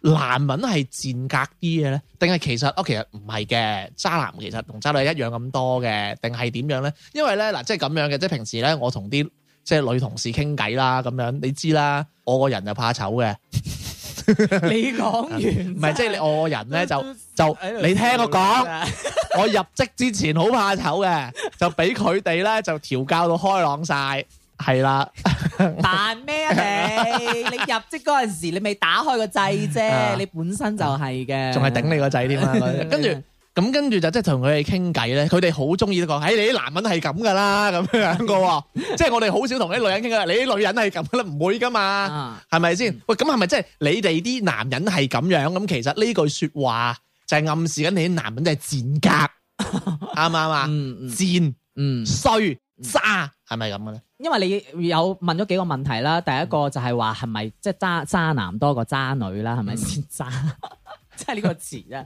男人係賤格啲嘅咧？定係其實哦，其實唔係嘅，渣男其實同渣女一樣咁多嘅，定係點樣咧？因為咧嗱，即係咁樣嘅，即係平時咧，我同啲即係女同事傾偈啦，咁樣你知啦，我個人又怕醜嘅。 你講完，唔係即係你我人咧就就這你聽我講，裏了 我入職之前好怕醜嘅，就俾佢哋咧就調教到開朗晒，係啦。扮 咩啊你？ 你入職嗰陣時你未打開個掣啫，啊、你本身就係嘅，仲係頂你個掣添啊！ 跟住。咁跟住就即係同佢哋傾偈咧，佢哋好中意都講，哎，你啲男人係咁噶啦，咁樣個，即係我哋好少同啲女人傾噶，你啲女人係咁啦，唔會噶嘛，係咪先？喂，咁係咪即係你哋啲男人係咁樣？咁其實呢句說話就係暗示緊你啲男人就係賤格，啱唔啱啊？賤，嗯，衰渣，係咪咁嘅咧？因為你有問咗幾個問題啦，第一個就係話係咪即係渣渣男多過渣女啦？係咪先渣？即係呢個詞啊，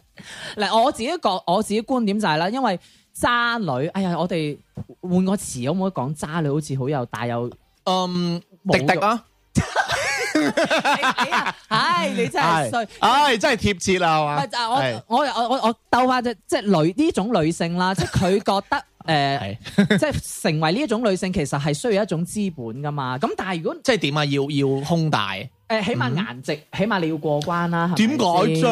嗱，我自己覺我自己觀點就係啦，因為渣女，哎呀，我哋換個詞可唔可以講渣女，好似好有大有，嗯，目的啊，係你真係衰，係真係貼切啦，係嘛，就我我我我我鬥翻即係即係女呢種女性啦，即係佢覺得。誒，呃、是 即係成為呢一種女性，其實係需要一種資本噶嘛。咁但係如果即係點啊？要要胸大，誒、呃，起碼顏值，嗯、起碼你要過關啦、啊。點解啫？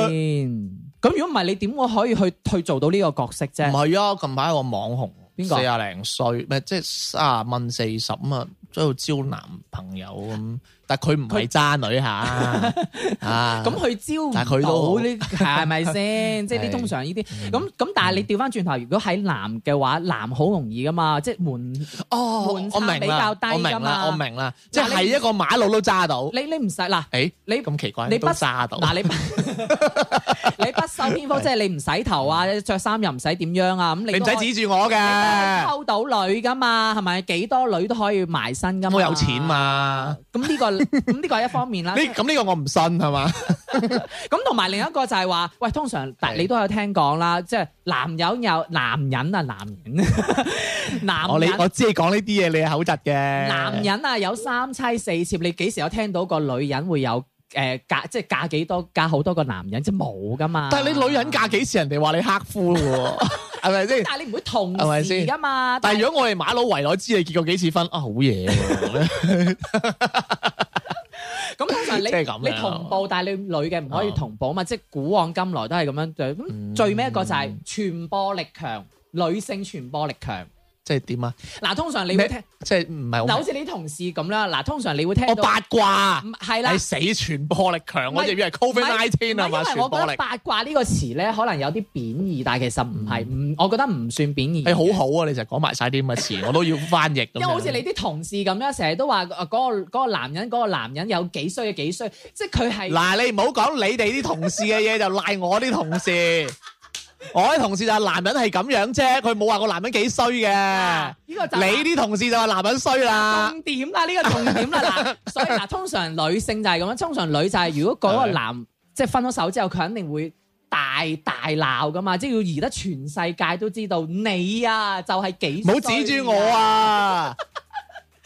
咁如果唔係，你點會可以去去做到呢個角色啫？唔係啊，近排個網紅，四廿零歲，唔即係卅蚊四十啊。在度招男朋友咁，但佢唔係渣女吓，咁佢招唔到啲，係咪先？即係通常呢啲咁咁，但係你調翻轉頭，如果喺男嘅話，男好容易噶嘛，即係門哦，門檻比較低噶嘛，我明啦，即係一個馬路都揸到，你你唔使嗱，你咁奇怪，你不揸到嗱你，你不修邊幅，即係你唔洗頭啊，着衫又唔使點樣啊，咁你唔使指住我嘅，溝到女噶嘛，係咪？幾多女都可以埋。我有錢嘛、 這個？咁呢個咁呢個一方面啦。 呢咁呢個我唔信係嘛？咁同埋另一個就係話，喂，通常你都有聽講啦，即係是的 男人有男人啊，男人。 男人 我你我知你講呢啲嘢，你係口疾嘅。男人啊，有三妻四妾，你幾時有聽到個女人會有？誒、呃、嫁即係嫁幾多，嫁好多個男人，即係冇噶嘛？但係你女人嫁幾次人哋話你克夫喎，係咪先？但係你唔會同時，係咪先？噶嘛？ 但係是如果我哋馬佬圍內知你結過幾次婚 啊，好嘢喎！咁通常你你同步，但係你女嘅唔可以同步啊嘛， 即係古往今來都係咁樣對。咁、嗯、最尾一個就係傳播力強，女性傳播力強。即係點啊？嗱，通常你會聽即係唔係？嗱，好似你啲同事咁啦。嗱，通常你會聽到八卦，係啦，係死傳播力強。我就以為 COVID-19 啊嘛，傳播力，八卦呢個詞咧，可能有啲貶義，但係其實唔係，唔，我覺得唔算貶義。係好好啊！你成日講埋晒啲咁嘅詞，我都要翻譯。因為好似你啲同事咁樣，成日都話嗰個嗰個男人嗰個男人有幾衰啊幾衰，即係佢係嗱，你唔好講你哋啲同事嘅嘢，就賴我啲同事。我啲同事就係男人係咁樣啫，佢冇話個男人幾衰嘅。呢、啊這個就是、你啲同事就話男人衰啦、啊。重點啦，呢、這個重點啦。嗱、 啊，所以嗱、啊，通常女性就係咁樣，通常女就係如果嗰個男，的即係分咗手之後，佢肯定會大大鬧噶嘛，即係要移得全世界都知道你啊，就係幾衰。冇指住我啊！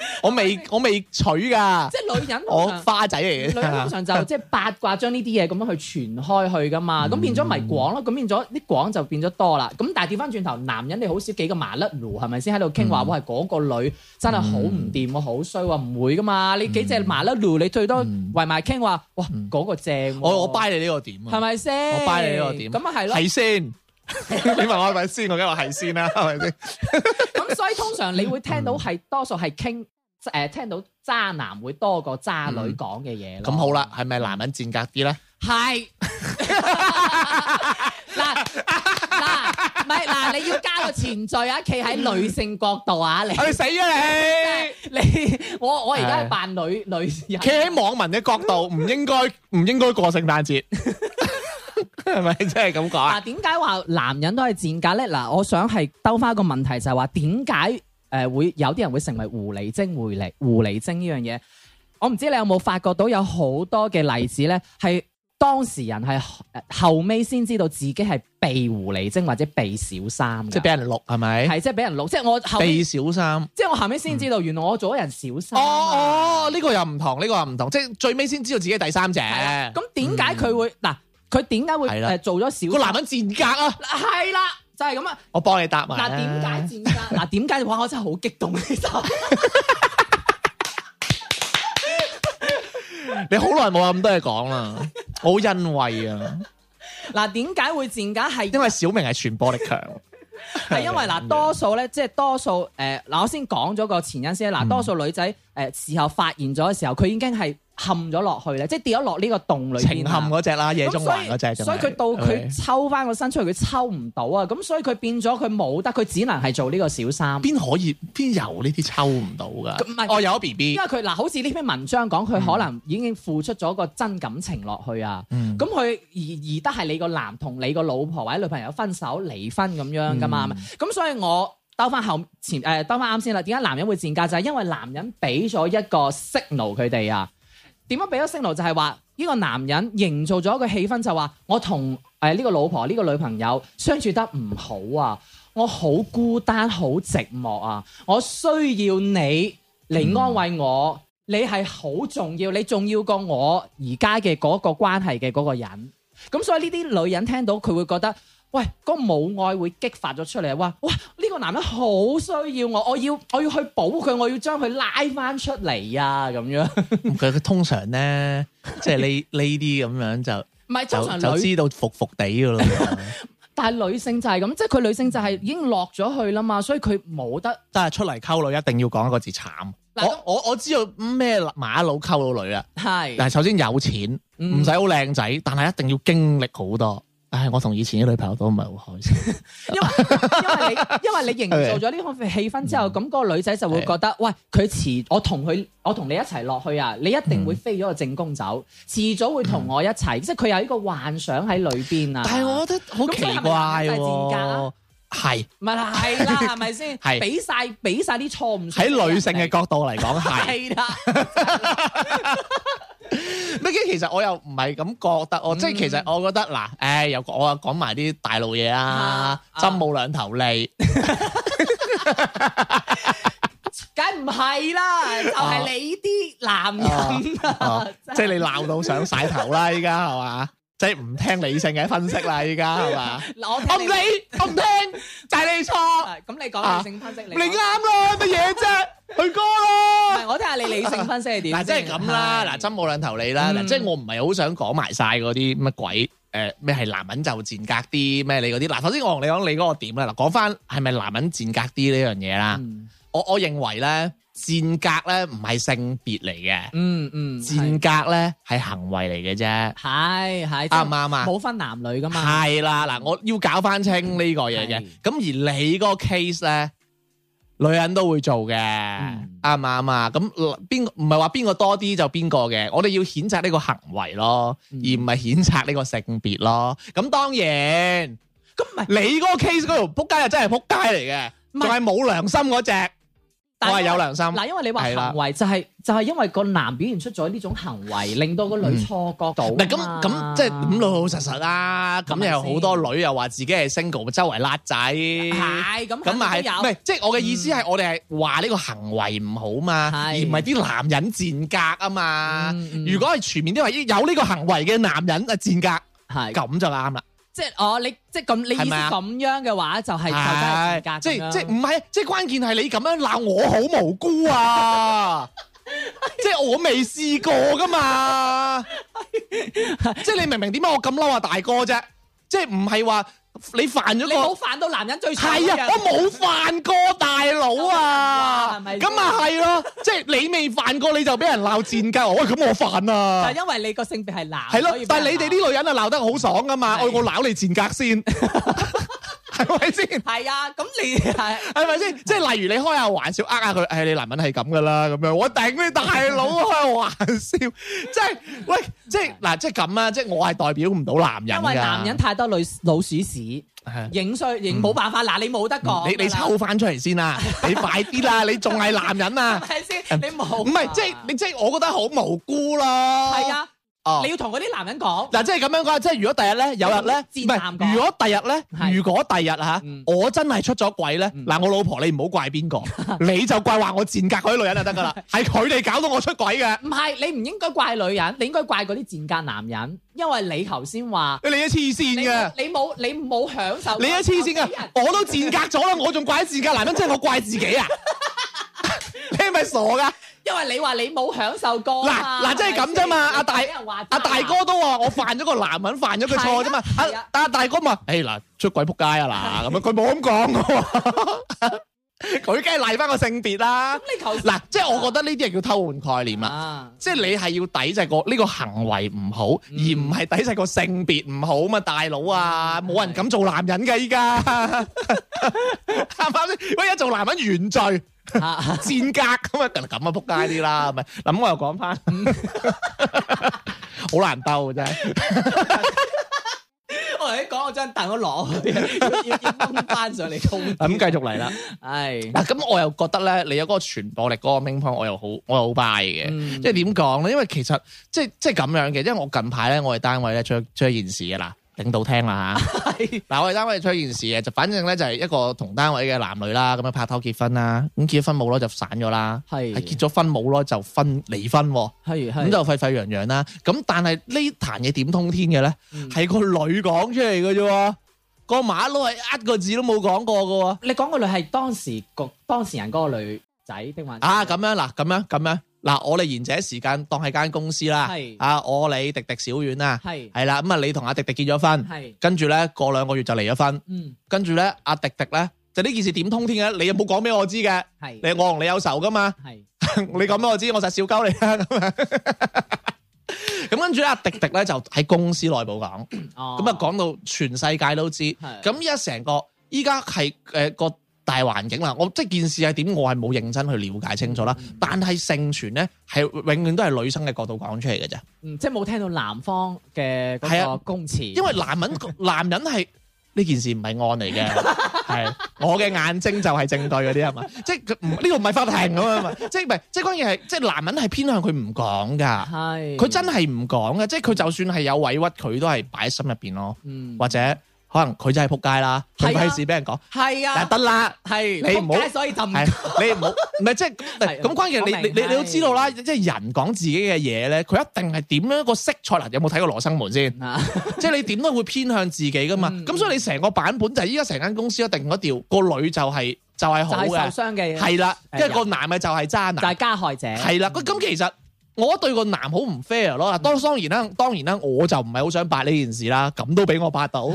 我未我未娶噶，即係女人。我花仔嚟嘅，女人通常就即係八卦，將呢啲嘢咁樣去傳開去噶嘛，咁 變咗咪廣咯。咁變咗啲廣就變咗多啦。咁但係調翻轉頭，男人你好少幾個麻甩佬係咪先喺度傾話，喂，嗰、嗯嗰個女真係好唔掂，好衰，唔會噶嘛。你幾隻麻甩佬，你最多圍埋傾話，哇，嗰、嗰個正、啊我。我、啊、是是我掰你呢個點，係咪先？我掰你呢個點，咁啊係咯，係先。你問我係咪先，我梗話係先啦，係咪先？咁所以通常你會聽到係多數係傾誒，聽到渣男會多過渣女講嘅嘢啦。咁好啦，係咪男人賤格啲咧？係嗱嗱，唔係嗱，你要加個前綴啊，企喺女性角度啊，你去死啊你！你我我而家係扮女女，企喺網民嘅角度，唔應該唔應該過聖誕節。係咪真係咁講？嗱、啊，點解話男人都係賤格咧？嗱、啊，我想係兜翻一個問題，就係話點解誒會有啲人會成為狐狸精回嚟狐狸精呢樣嘢？我唔知你有冇發覺到有好多嘅例子咧，係當事人係後尾先知道自己係被狐狸精或者被小三，即係俾人錄，係咪？係即係俾人錄，即係我後被小三，即係我後尾先知道，原來我做咗人小三，啊。哦，哦，呢、這個又唔同，呢、這個又唔同，即係最尾先知道自己係第三者。咁點解佢會嗱？嗯佢點解會係做咗小個男人賤格啊？係啦，就係、是、咁啊！我幫你答埋。嗱，點解賤格？嗱、 啊，點解嘅話，我真係好激動呢？收！你好耐冇有咁多嘢講啦，好欣慰啊！嗱、啊，點解會賤格？係因為小明係傳播力強，係 因為嗱、啊，多數咧，即係多數誒，嗱、呃，我先講咗個前因先。嗱，多數女仔誒，事、呃、後發現咗嘅時候，佢已經係。陷咗落去咧，即係跌咗落呢個洞裏邊。情陷嗰隻啦，夜中環嗰隻。所以，所以佢到佢抽翻個身出去，佢抽唔到啊！咁所以佢變咗佢冇得，佢 Okay. 只能係做呢個小三。邊可以邊由呢啲抽唔到噶？唔係我有 B B。因為佢嗱，好似呢篇文章講，佢可能已經付出咗個真感情落去啊。咁佢、嗯、而而得係你個男同你個老婆或者女朋友分手離婚咁樣噶嘛？咁、嗯、所以我兜翻後前誒，兜翻啱先啦。點解男人會賤格？就係、是、因為男人俾咗一個 signal 佢哋啊。點樣俾咗聲浪？就係話呢個男人營造咗一個氣氛，就話、是、我同誒呢個老婆、呢、呢個女朋友相處得唔好啊！我好孤單、好寂寞啊！我需要你嚟安慰我，嗯、你係好重要，你重要過我而家嘅嗰個關係嘅嗰個人。咁所以呢啲女人聽到佢會覺得。喂，個母愛會激發咗出嚟，哇哇，呢個男人好需要我，我要我要去補佢，我要將佢拉翻出嚟啊咁樣。佢佢通常咧，是即係呢呢啲咁樣就，唔係，就就知道服服地噶咯。 但係女性就係咁，即係佢女性就係已經落咗去啦嘛，所以佢冇得。但係出嚟溝女一定要講一個字慘。是我我我知道咩馬佬溝到女啦，係是。但係首先有錢，唔使好靚仔，但係一定要經歷好多。唉，但我同以前啲女朋友都唔係好開心，因為因為你因為 Boy，你營造咗呢種氣氛之後，咁個女仔就會覺得，喂，佢遲我同佢，我同你一齊落去啊，你一定會飛咗個正宮走，遲早會同我一齊，即係佢有呢個幻想喺裏邊啊。但係我覺得好奇怪，係咪係啦，係咪先？係俾晒俾晒啲錯誤，喺女性嘅角度嚟講係。咩嘅？其實我又唔係咁覺得，我即係其實我覺得嗱，誒又我又講埋啲大路嘢啊，針冇兩頭利，梗唔係啦，就係、是、你啲男人，即係你鬧到想晒頭啦，依家係嘛？即係唔聽理性嘅分析啦，依家係嘛？ 我聽你 我唔理， 我唔聽，就係、是、你錯。咁 你講理性分析，啊、你啱啦，乜嘢啫？去哥啦！ 我睇下你理性分析係點。嗱， 即係咁啦，嗱，針冇兩頭利啦，嗱是，即係我唔係好想講埋晒嗰啲乜鬼誒，咩、呃、係男人就賤格啲咩你嗰啲，嗱、啊，頭先我同你講你嗰個點啦，嗱，講翻係咪男人賤格啲呢樣嘢啦？我我認為咧。賤格咧唔係性別嚟嘅。嗯嗯，賤格咧係行為嚟嘅啫，係，係啱唔啱啊？冇吧分男女噶嘛？係啦吧，嗱，我要搞翻清呢個嘢嘅。咁對而你個 case 咧，女人都會做嘅，啱唔啱啊？咁邊個唔係話邊個多啲就邊個嘅？我哋要譴責呢個行為咯，而唔係譴責呢個性別咯。咁當然，咁唔係你嗰個 case 嗰條扑街又真係扑街嚟嘅，唔係冇良心嗰隻。我係有良心，嗱，因為你話行為就係、是、了就係因為個男表現出咗呢種行為，令到個女錯覺到。係咁咁，即係咁老老實實啦、啊。咁又好多女又話自己係 single，周圍甩仔。係咁咁啊係，唔係即係我嘅意思係我哋係話呢個行為唔好嘛，而唔係啲男人賤格啊嘛。如果係全面啲話有呢個行為嘅男人啊賤格，係、嗯、咁、嗯嗯嗯嗯嗯、就啱啦。即係哦，你即係咁，你嗎意思咁樣嘅話就係就真係即係即係唔係？即係關鍵係你咁樣鬧我好無辜啊！ 即係我未試過噶嘛。 即係你明明點解我咁嬲啊， 大哥啫？即係唔係話？你煩咗你冇煩到男人最想係啊，樣我冇煩過 大佬啊，咁啊係咯。 即係你未煩過你就俾人鬧賤格， 哎、我咁我煩啊！但係因為你個性別係男，係咯，啊，但係你哋啲女人啊鬧得好爽㗎嘛，的我我鬧你賤格先。 係咪先？係啊，咁你係係咪先？即係例如你開下玩笑呃下佢，誒、哎，你男人係咁噶啦，咁樣我頂你大佬 開玩笑，即係喂，即係嗱，即係咁啊，即係我係代表唔到男人，因為男人太多女老鼠屎，影衰影冇辦法，嗱、嗯、你冇得講，你你抽翻出嚟先啦， 你快啲啦，你仲係男人啊，係先？ 你冇唔係即係你即係我覺得好無辜咯，係啊。你要同嗰啲男人講嗱，即係咁樣講，即係如果第日咧有日咧唔係，如果第日咧，如果第日吓，我真係出咗軌咧，嗱，我老婆你唔好怪邊個，你就怪話我賤格嗰啲女人就得噶啦，係佢哋搞到我出軌嘅，唔係你唔應該怪女人，你應該怪嗰啲賤格男人，因為你頭先話你一黐線嘅，你冇你冇享受，你一黐線嘅，我都賤格咗啦，我仲怪啲賤格男人，即係我怪自己啊？你係咪傻噶？因為你話你冇享受過嗱嗱，即係咁啫嘛，阿大阿大哥都話我犯咗個男人犯咗個錯啫嘛，阿阿大哥咪，誒嗱，出軌仆街啊嗱，咁樣佢冇咁講噶，佢梗係賴翻個性別啦，嗱，即係我覺得呢啲係叫偷換概念啦，即係你係要抵制個呢個行為唔好，而唔係抵制個性別唔好嘛，大佬啊，冇人敢做男人噶依家，啱唔啱先？我而家做男人原罪。啊！賤格咁啊，咁啊，仆街啲啦，咪諗我又講翻，好難鬥真係。我頭先講我將彈都攞，要要崩翻上嚟。咁繼續嚟啦，係嗱，咁我又覺得咧，你有嗰個傳播力嗰個乒乓，我又好，我又好 buy 嘅。Bu 嗯、即係點講咧？因為其實即係即係咁樣嘅，因為我近排咧，我哋單位咧出出咗件事噶啦。領導聽、啊、 啦嗱我哋單位出件事嘅就，反正咧就係一個同單位嘅男女啦，咁樣拍拖結婚啦，咁結咗婚冇咯就散咗啦，係結咗婚冇咯就分離婚,是 婚,婚，係係咁就沸沸揚揚啦，咁但係呢壇嘢點通天嘅咧，係、嗯、個女講出嚟嘅啫，的個馬騮係一個字都冇講過嘅，你講個女係當時個當事人嗰個女仔定話？啊咁樣嗱，咁樣咁樣。嗱，我哋賢者時間當係間公司啦，係啊，我你迪迪小遠啦，係係啦，咁啊你同阿迪迪結咗婚，係跟住咧過兩個月就離咗婚，嗯，跟住咧阿迪迪咧就呢件事點通天嘅，你有冇講俾我知嘅？係你我同你有仇噶嘛，係你咁我知，我實笑鳩你啦，咁樣，咁跟住咧阿迪迪咧就喺公司內部講，哦，咁啊講到全世界都知，咁依家成個依家係誒個。大環境啦，我即係件事係點，我係冇認真去了解清楚啦。但係盛傳咧，係永遠都係女生嘅角度講出嚟嘅啫，嗯，即係冇聽到男方嘅嗰個供詞。因為男人男人係呢件事唔係案嚟嘅，係我嘅眼睛就係正對嗰啲啊嘛，即係呢度唔係法庭咁啊嘛，即係唔係？即係嗰樣係即係男人係偏向佢唔講㗎，係佢真係唔講㗎，即係佢就算係有委屈，佢都係擺喺心入邊咯，或者。可能佢真係仆街啦，佢費事俾人講，得啦，係你唔好，所以就你唔好，唔係即係咁關鍵，你你你都知道啦，即係人講自己嘅嘢咧，佢一定係點樣一個色彩啦？有冇睇過羅生門先？即係你點都會偏向自己噶嘛？咁所以你成個版本就係依家成間公司一定咗調，個女就係就係好受傷嘅，係啦，因為個男嘅就係渣男，就係加害者，係啦，咁其實。我對個男好唔 fair 咯，當當然啦，當然啦，我就唔係好想八呢件事啦，咁都俾我八到，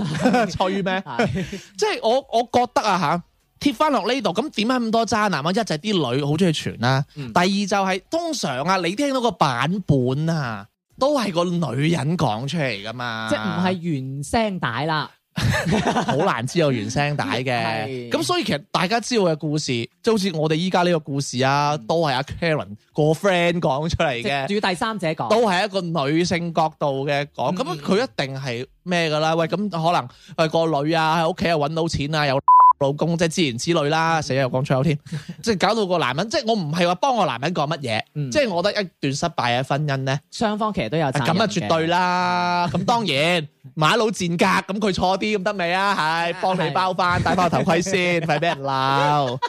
吹咩？ 即係我我覺得啊嚇，貼翻落呢度，咁點解咁多渣男啊？一就係啲女好中意傳啦，嗯、第二就係、是、通常啊，你聽到個版本啊，都係個女人講出嚟噶嘛，即係唔係原聲帶啦。好難知道原聲帶嘅，咁所以其實大家知道嘅故事，就好似我哋依家呢個故事啊，都係阿 Karen 個 friend 講出嚟嘅，要第三者講，都係一個女性角度嘅講，咁佢一定係咩噶啦？喂，咁可能誒個女啊喺屋企啊揾到錢啊，有老公即係自言之類啦，死又講出口添，即係搞到個男人，即係我唔係話幫個男人講乜嘢，即係我覺得一段失敗嘅婚姻咧，雙方其實都有咁啊，絕對啦，咁當然。馬佬賤格，咁佢錯啲咁得未啊？係，幫你包翻，戴翻個頭盔先，唔係俾人鬧。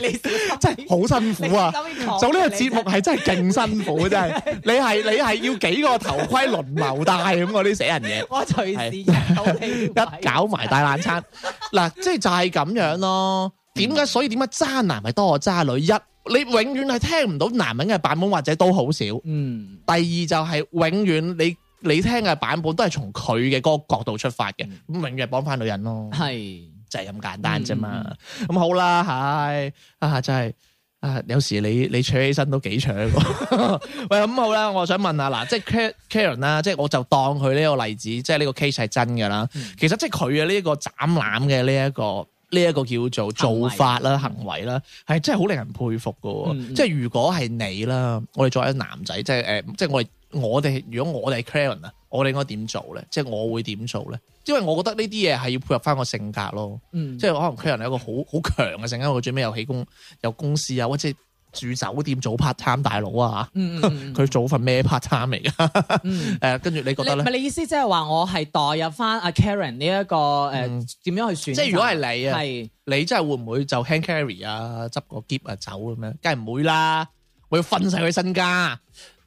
你真係好辛苦啊！做呢個節目係真係勁辛苦，真係。你係你係要幾個頭盔輪流戴咁，我啲死人嘢。我隨時。一搞埋大爛餐，嗱，即係就係咁樣咯。點解所以點解渣男咪多過渣女？一，你永遠係聽唔到男人嘅版本，或者都好少。嗯。第二就係永遠你。你聽嘅版本都係從佢嘅嗰個角度出發嘅，咁、嗯、永遠係幫翻女人咯，係是就係咁簡單啫嘛。咁、嗯嗯、好啦，係、哎、啊，真係啊，有時你你搶起身都幾搶喎。 喂，咁、嗯、好啦，我想問下嗱，即係 Karen 啦，即係我就當佢呢個例子，即係呢個 case 係真嘅啦。嗯、其實即係佢嘅呢一個斬攬嘅呢一個呢一、呢個叫做做法啦為、行為啦，係真係好令人佩服嘅、嗯。即係如果係你啦，我哋作為一男仔，即係誒，即係我哋。我哋如果我哋係 Karen 啊，我哋應該點做咧？即係我會點做咧？因為我覺得呢啲嘢係要配合翻個性格咯。嗯、即係可能 Karen 係一個好好強嘅性格，佢最尾又起工有公司啊，或者住酒店做 part time 大佬啊。嗯佢、嗯、 做份咩 part time 嚟 噶、嗯？誒，跟住你覺得咧？唔係你意思即係話我係代入翻阿 Karen 呢、這、一個誒點、呃嗯、樣去選？即係如果係你啊，係是你真係會唔會就 hand carry 啊，執個篋啊走咁、啊、樣？梗係唔會啦，我要分晒佢身家。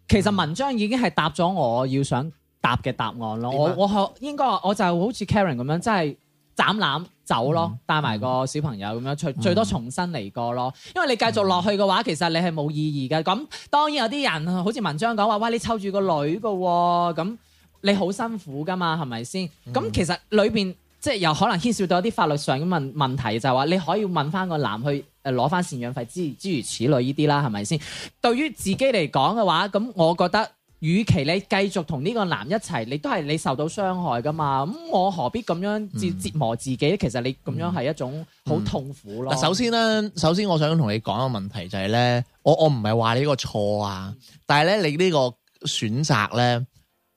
其實文章已經係答咗我要想答嘅答案咯白，我我係應該我就好似 Karen 咁樣，即係斬纜走咯，嗯、帶埋個小朋友咁樣，最、嗯、最多重新嚟過咯。因為你繼續落去嘅話，嗯、其實你係冇意義噶。咁當然有啲人好似文章講話，喂你湊住個女嘅，咁你好辛苦噶嘛，係咪先？咁、嗯、其實裏邊即係有可能牽涉到一啲法律上嘅問問題，就係、是、話你可以問返個男去。誒，攞翻贍養費之之如此類呢啲啦，係咪先？對於自己嚟講嘅話，咁我覺得，與其你繼續同呢個男一齊，你都係你受到傷害噶嘛。咁我何必咁樣折折磨自己、嗯、其實你咁樣係一種好痛苦咯、嗯嗯。首先呢，首先我想同你講一個問題，就係、是、呢：我我唔係話你呢個錯啊，但係呢，你呢個選擇呢，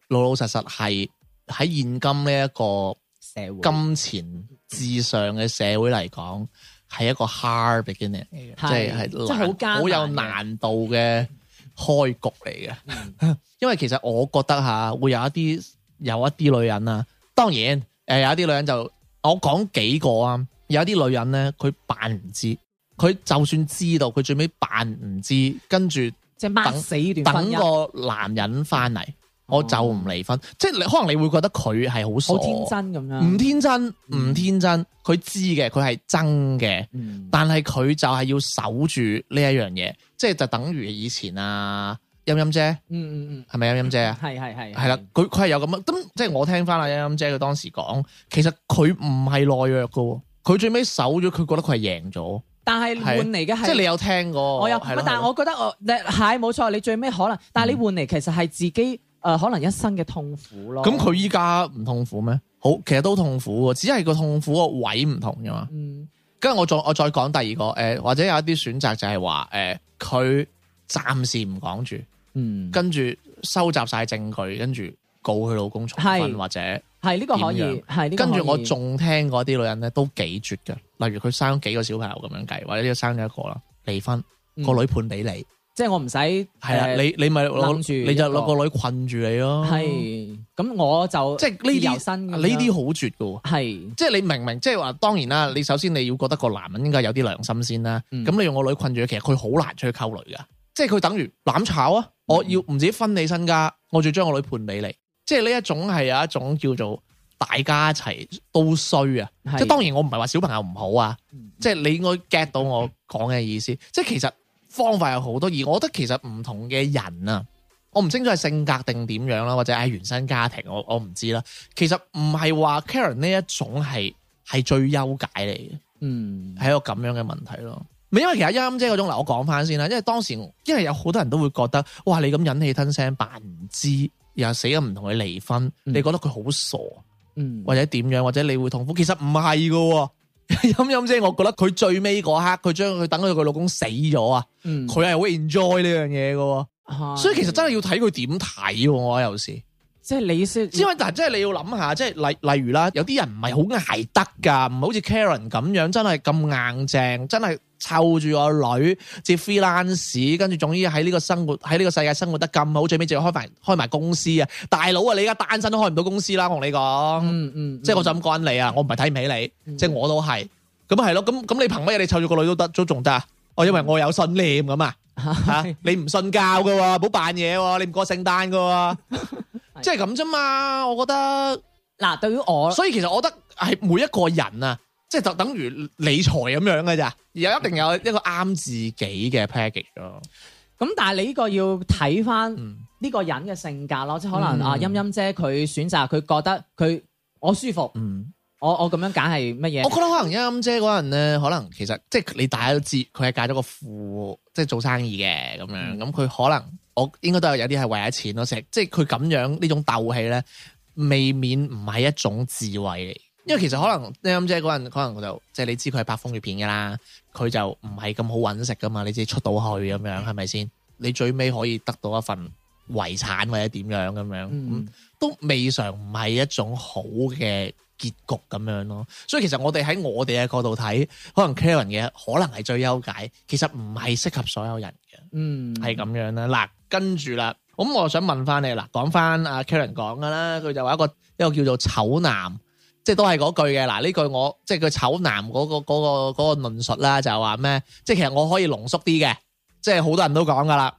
老老實實係喺現今呢一個金錢至上嘅社會嚟講。係一個 hard beginning 嘅的，即係難，好有難度嘅開局嚟嘅。 因為其實我覺得吓會有一啲有一啲女人啊，當然誒、呃、有一啲女人就我講幾個啊，有一啲女人咧佢扮唔知，佢就算知道佢最尾扮唔知，跟住即係掹死等個男人翻嚟。我就唔離婚，即係你可能你會覺得佢係好傻，好天真咁樣，唔天真，唔天真，佢知嘅，佢係真嘅，但係佢就係要守住呢一樣嘢，即係就等於以前啊，陰陰姐，嗯嗯嗯，係咪陰陰姐啊？係係係，係啦，佢佢係有咁樣，咁即係我聽翻啊陰陰姐佢當時講，其實佢唔係懦弱嘅喎，佢最尾守咗，佢覺得佢係贏咗，但係換嚟嘅係即係你有聽過，我有，唔係，但係我覺得我係冇錯，你最尾可能，但係你換嚟其實係自己。誒、呃，可能一生嘅痛苦咯。咁佢依家唔痛苦咩？好，其實都痛苦嘅，只係個痛苦個位唔同嘅嘛。嗯，跟住我再我再講第二個，誒、呃，或者有一啲選擇就係話，誒、呃，佢暫時唔講住，嗯，跟住收集晒證據，跟住告佢老公重婚是或者係呢、這個可以，係跟住我仲聽嗰啲女人咧都幾絕嘅，例、這個、如佢生咗幾個小朋友咁樣計，或者呢個生咗一個啦，離婚個女判俾你。嗯即係我唔使，係啦，你你咪攬住，你就攞個女困住你咯。係咁，我就即係呢啲，呢啲好絕噶。係即係你明唔明？即係話當然啦，你首先你要覺得個男人應該有啲良心先啦。咁你用個女困住，其實佢好難出去溝女噶。即係佢等於攬炒啊！我要唔止分你身家，我就要將個女判俾你。即係呢一種係有一種叫做大家一齊都衰啊！即係當然我唔係話小朋友唔好啊。即係你應該 get 到我講嘅意思，即係其實。方法有好多，而我覺得其實唔同嘅人啊，我唔清楚係性格定點樣啦，或者係原生家庭，我我唔知啦。其實唔係話 Karen 呢一種係係最優解嚟嘅，嗯，係一個咁樣嘅問題咯。唔因為其他陰姐嗰種，嗱，我講翻先啦，因為當時因為有好多人都會覺得，哇！你咁忍氣吞聲扮唔知，然後死咗唔同佢離婚，你覺得佢好傻，嗯，或者點樣，或者你會痛苦，其實唔係㗎喎。飲飲啫，音音我覺得佢最尾嗰刻，佢將佢等到佢老公死咗、嗯、啊！佢係好 enjoy 呢樣嘢嘅，所以其實真係要睇佢點睇。我有時是，即係你先，因為但係即係你要諗下，即係例例如啦，有啲人唔係好捱得噶，唔係好似 Karen 咁樣，真係咁硬淨，真係。湊住個女做 freelance 跟住總之喺呢個生活喺呢個世界生活得咁好，最尾就要開埋開埋公司啊！大佬啊，你而家單身都開唔到公司啦，我同你講、嗯。嗯嗯，即係我就咁講你啊，我唔係睇唔起你，嗯、即係我都係咁啊，係、嗯、咯，咁咁你憑乜嘢你湊住個女都得，都仲得啊？我、哦、因為我有信念咁啊嚇，你唔信教噶喎，唔好扮嘢喎，你唔過聖誕噶喎，即係咁啫嘛。我覺得嗱，對於我，所以其實我覺得係每一個人啊。即係就等於理財咁樣嘅咋，而又一定有一個啱自己嘅 package 咯。咁、嗯嗯、但係你呢個要睇翻呢個人嘅性格咯，即係可能、嗯、啊，音音姐佢選擇佢覺得佢我舒服，嗯、我我咁樣揀係乜嘢？我覺得可能音音姐嗰陣咧，可能其實即係你大家都知，佢係嫁咗個富，即係做生意嘅咁樣。咁佢、嗯、可能我應該都有有啲係為咗錢咯，成即係佢咁樣種鬥氣呢種鬥氣咧，未免唔係一種智慧嚟。因為其實可能 James 嗰人可能我就即係你知佢係拍風月片噶啦，佢就唔係咁好揾食噶嘛，你自己出到去咁樣係咪先？你最尾可以得到一份遺產或者點樣咁樣，嗯嗯，都未嘗唔係一種好嘅結局咁樣咯。所以其實我哋喺我哋嘅角度睇，可能 Karen 嘅可能係最優解，其實唔係適合所有人嘅，嗯，嗯，係咁樣啦。嗱，跟住啦，咁我想問翻你嗱，講翻阿 Karen 講噶啦，佢就話一個一個叫做醜男。即係都係嗰句嘅，嗱呢句我即係佢醜男嗰個嗰個嗰個論述啦，就係話咩？即係其實我可以濃縮啲嘅，即係好多人都講噶啦，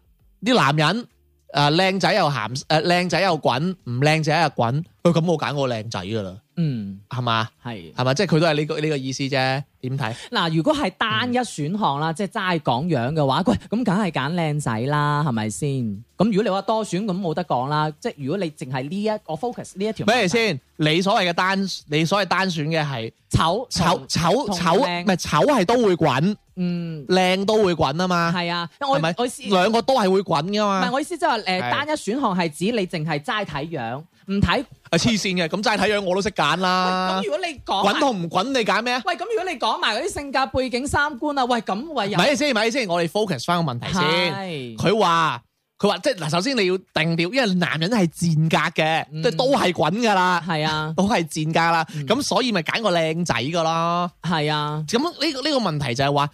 啲男人，誒靚仔又鹹，誒靚仔又滾，唔靚仔又滾，佢咁我揀個靚仔噶啦。嗯，係嘛吧，係吧，係嘛，即係佢都係呢、這個呢、這個意思啫。點睇？嗱，如果係單一選項啦，嗯、即係齋講樣嘅話，喂，咁梗係揀靚仔啦，係咪先？咁如果你話多選，咁冇得講啦。即係如果你淨係呢一個 focus 呢一條，咩先？你所謂嘅單，你所謂單選嘅係醜醜醜醜，唔係醜係醜都會滾，嗯，靚都會滾啊嘛。係啊，我咪兩個都係會滾噶嘛。唔係我，我意思即係話，誒、就是呃，單一選項係指你淨係齋睇樣。唔睇啊！黐線嘅，咁齋睇樣，樣我都識揀啦。咁如果你講滾同唔滾，你揀咩啊？喂，咁如果你講埋嗰啲性格背景三觀啊，喂，咁喂，人，咪先咪先，我哋 focus 翻個問題先。佢話佢話，即係嗱，首先你要定調，因為男人係賤格嘅，即、嗯、都都係滾噶啦，係啊，都係賤格啦，咁、嗯、所以咪揀個靚仔噶咯，係啊。咁呢個呢個問題就係話，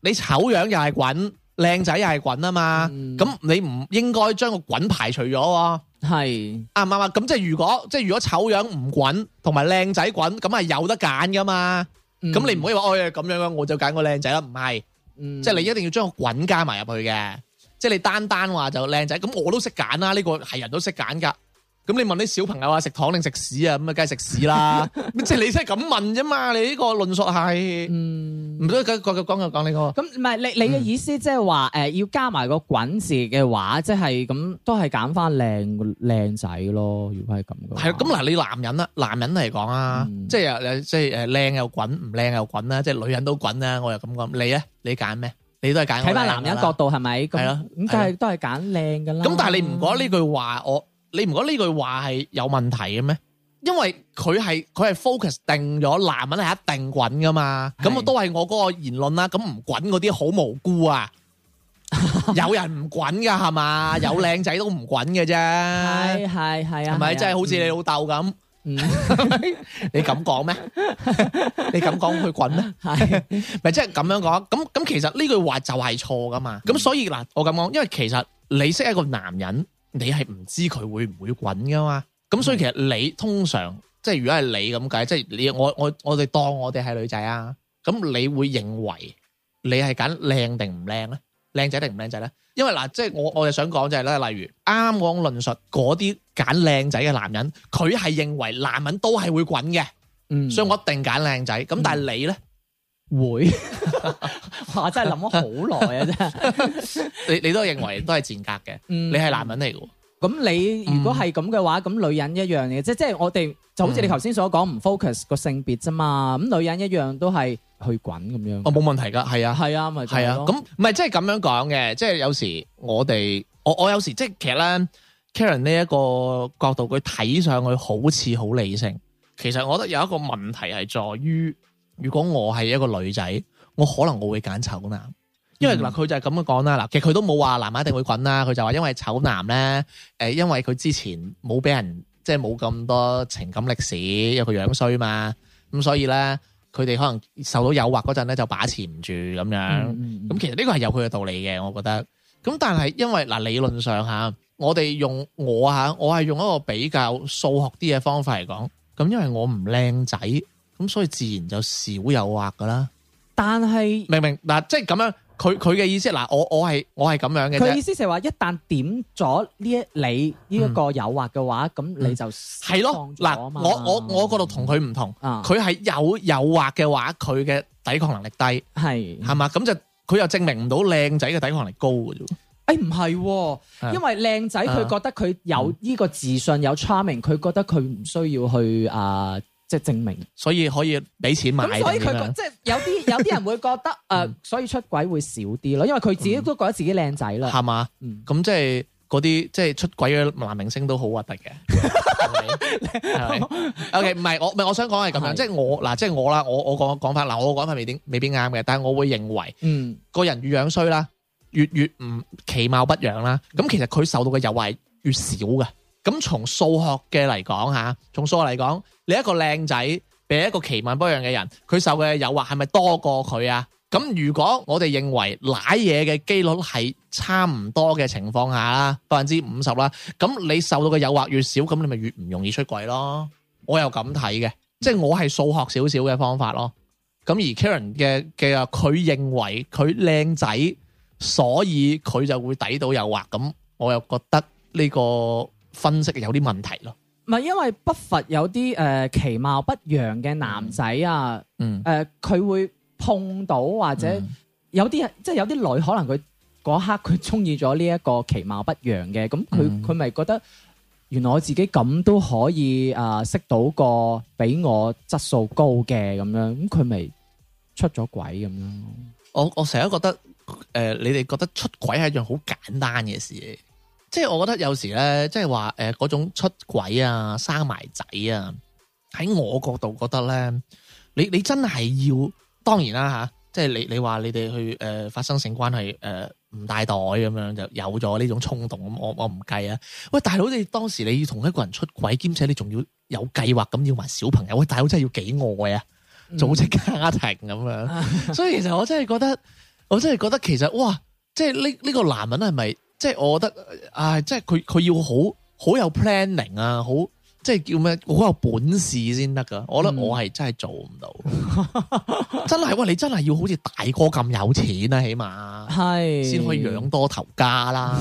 你醜樣又係滾，靚仔又係滾啊嘛，咁、嗯、你唔應該將個滾排除咗。係啱唔啱啊？咁即係如果即係如果醜樣唔滾，同埋靚仔滾，咁係有得揀噶嘛？咁你唔可以話，哦，咁樣，我就揀個靚仔啦，唔係，即係你一定要將個滾加埋入去嘅。即係你單單話就靚仔，咁我都識揀啦。呢、這個係人都識揀噶。咁你問啲小朋友啊，食糖定食屎啊？咁啊，梗係食屎啦！即係你真係咁問啫嘛，你呢個論述係，唔該，講講講講呢個。咁唔係你你嘅意思，即係話誒，要加埋個滾字嘅話，即係咁都係揀翻靚靚仔咯。如果係咁嘅，係咁嗱，你男人啦，男人嚟講啊，即係誒即係誒，靚又滾，唔靚又滾啦，即係女人都滾啦。我又咁講，你咧，你揀咩？你都係揀睇翻男人角度係咪？係啦，咁都係都係揀靚噶啦。咁但係你唔覺得呢句話我？你唔覺得呢句話係有問題嘅咩？因為佢係佢係 focus 定咗男人係一定滾噶嘛，咁是我都係我嗰個言論啦。咁唔滾嗰啲好無辜啊！ 有人唔滾噶係嘛？有靚仔都唔滾嘅啫。係係係啊，係咪真係好似你老豆咁？ 你敢講說咩？ 你敢講佢滾咩？係咪即係咁樣講？咁咁其實呢句話就係錯噶嘛？咁是所以嗱，我咁講，因為其實你識一個男人。你係唔知佢會唔會滾㗎嘛？咁所以其實你通常即係如果係你咁計，即係你我我我哋當我哋係女仔啊，咁你會認為你係揀靚定唔靚咧？靚仔定唔靚仔咧？因為嗱，即係我我就想講就係咧，例如啱啱講論述嗰啲揀靚仔嘅男人，佢係認為男人都係會滾嘅，嗯，所以我一定揀靚仔。咁但係你咧？會，我真係諗咗好耐啊！真 你，你你都認為都係賤格嘅，嗯、你係男人嚟嘅。咁你如果係咁嘅話，咁、嗯、女人一樣嘅，即即係我哋就好似你頭先所講，唔 focus 個性別啫嘛，咁、嗯、女人一樣都係，去滾咁樣。哦，冇問題噶，係啊，係啊，咪係啊，咁唔係即係咁樣講嘅、啊，即係、就是、有時我哋，我我有時即係、就是、其實咧，Karen 呢一個角度，佢睇上去好似好理性，其實我覺得有一個問題係在於。如果我係一個女仔，我可能我會揀醜男、嗯、男，男，因為嗱佢就係咁樣講啦。嗱，其實佢都冇話男人一定會滾啦。佢就話因為醜男咧，誒，因為佢之前冇俾人即係冇咁多情感歷史，因為佢樣衰嘛，咁所以咧，佢哋可能受到誘惑嗰陣咧就把持唔住咁樣。咁其實呢個係有佢嘅道理嘅，我覺得。咁但係因為嗱理論上吓，我哋用我吓，我係用一個比較數學啲嘅方法嚟講。咁因為我唔靚仔。咁所以自然就少誘惑噶啦，但係是明唔明嗱？即係咁樣，佢佢嘅意思嗱，啊，我我係我係咁樣嘅。佢意思就係話一旦點咗呢一你呢一個誘惑嘅話，咁，嗯、你就係咯嗱，我我我度同佢唔同，佢係，嗯、有誘惑嘅話，佢嘅抵抗能力低，係係嘛？咁就佢又證明唔到靚仔嘅抵抗能力高嘅啫。誒，哎，唔係，哦，因為靚仔佢覺得佢有呢個自信，嗯、有 charming，佢覺得佢唔需要去啊。即係證明，所以可以俾錢買。咁所以佢即係有啲有啲人會覺得誒，所以出軌會少啲咯，因為佢自己都覺得自己靚仔啦。係嘛？咁即係嗰啲即係出軌嘅男明星都好核突嘅。係咪？OK，唔係我唔係我想講係咁樣，即係我嗱，即係我啦，我我講嘅講法嗱，我嘅講法未必未必啱嘅，但係我會認為，嗯，個人越樣衰啦，越越唔其貌不揚啦，咁其實佢受到嘅誘惑越少嘅。咁從數學嘅嚟講吓，從數學嚟講，你一個靚仔比一個其貌不揚嘅人，佢受嘅誘惑係咪多過佢啊？咁如果我哋認為瀨嘢嘅幾率係差唔多嘅情況下啦，百分之五十啦，咁你受到嘅誘惑越少，咁你咪越唔容易出軌咯。我又咁睇嘅，即係我係數學少少嘅方法咯。咁而 Karen 嘅嘅佢認為佢靚仔，所以佢就會抵到誘惑。咁我又覺得呢個。分析有啲問題咯，唔係因為不乏有啲誒，其貌不揚嘅男仔啊，嗯、誒佢會碰到或者有啲人，即係有啲女可能佢嗰刻佢中意咗呢一個其貌不揚嘅，咁佢佢咪覺得原來我自己咁都可以誒識到個比我質素高嘅咁樣，咁佢咪出咗軌咁樣咯，我我成日覺得誒，你哋覺得出軌係一樣好簡單嘅事。即係我覺得有時咧，即係話誒嗰種出軌啊、生埋仔啊，喺我角度覺得咧，你你真係要當然啦吓，即係你你話你哋去誒、呃、發生性關係誒唔帶袋咁樣就有咗呢種衝動咁，我我唔計啊。喂大佬，你當時你要同一個人出軌，兼且你仲要有計劃咁要埋小朋友，喂大佬真係要幾愛啊？組織家庭咁樣，嗯、 所以其實我真係覺得，我真係覺得其實哇，即係呢呢個男人係咪？即係我覺得，唉，即係佢佢要好好有 planning 啊，好即係叫咩，好有本事先得噶。我覺得我係真係做唔到，嗯、真係喂，你真係要好似大哥咁有錢啊，起碼係先可以養多頭家啦。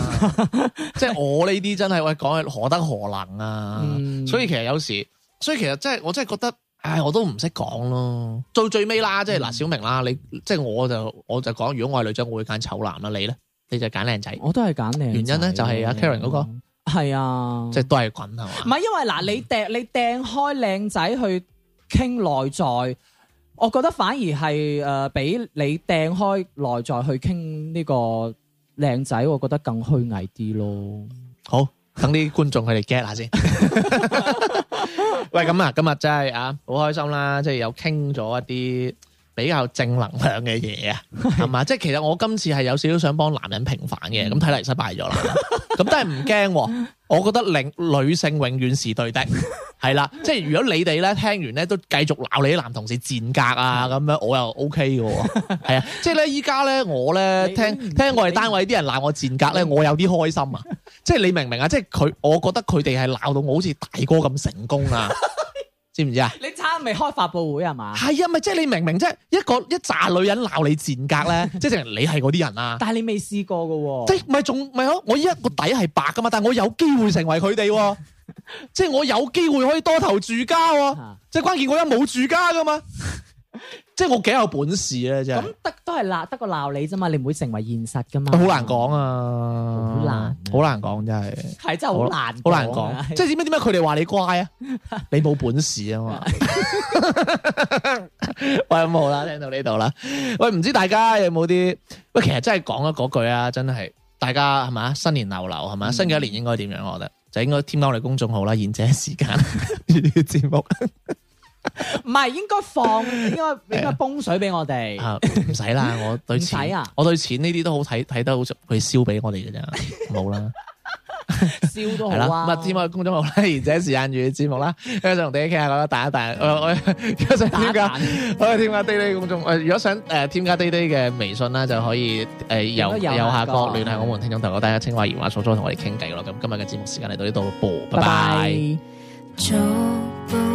即係我呢啲真係喂，講係何德何能啊。嗯、所以其實有時，所以其實真係我真係覺得，唉，我都唔識講咯。最最尾啦，即係嗱，小明啦，你即係、嗯、我就我就講，如果我係女仔，我會揀醜男啦，你咧？你就揀靚仔，我都係揀靚仔。原因咧就係阿 Karen 嗰個係啊，即係都係滾係嘛。唔係因為嗱，你掟你掟開靚仔去傾內在，我覺得反而係誒，俾你掟開內在去傾呢個靚仔，我覺得更虛偽啲咯。好，等啲觀眾佢哋 get 下先。喂，咁啊，今日真係啊，好開心啦，即係有傾咗一啲，比較正能量嘅嘢啊，係嘛？即係其實我今次係有少少想幫男人平反嘅，咁睇嚟失敗咗啦。咁但係唔驚，我覺得令女性永遠是對的，係啦。即係如果你哋咧聽完咧都繼續鬧你啲男同事賤格啊咁樣，我又 OK 嘅喎。係啊，即係咧依家咧我咧聽聽我哋單位啲人鬧我賤格咧，我有啲開心啊。即係你明唔明啊？即係佢，我覺得佢哋係鬧到我好似大哥咁成功啊！知唔知啊？你差未開發布會啊？嘛？係啊，咪即係你明明即係一個一扎女人鬧你賤格咧， 即係證明你係嗰啲人啊！但係你未試過噶喎，即係咪仲咪啊？我依家個底係白噶嘛，但係我有機會成為佢哋、啊， 即係我有機會可以多頭住家喎、啊， 即係關鍵我一冇住家噶嘛、啊。 即係我幾有本事咧、啊，真係是咁得都係鬧得個鬧你啫嘛，你唔會成為現實噶嘛。好難講啊，好難，、啊、難，好難講真係係真係好難、啊，好難講。的即係點解點解佢哋話你乖啊？ 你冇本事啊嘛？ 喂咁好啦，聽到呢度啦。喂，唔知大家有冇啲喂？其實真係講咗嗰句啊，真係大家係嘛？新年流流係嘛？嗯、新嘅一年應該點樣？我覺得就應該添加我哋公眾號啦。賢者時間粵語節目。唔係， 應該放，應該應該泵水俾我哋。唔 使、 啊、啦，我對錢，啊，我對錢呢啲都好睇，睇得好佢燒俾我哋嘅咋，冇、啊、啦。燒 都好啊。物志我嘅公眾號咧，而且時間與節目啦，跟住同大家傾下嗰個大一打，大我我。點解？我哋添加滴滴公眾號如果想誒添加滴滴嘅微信啦，就可以誒右右下角聯繫我們聽眾朋友。大家清話、言話所、嘈嘈，同我哋傾偈咯。咁今日嘅節目時間嚟到呢度播，拜拜。拜拜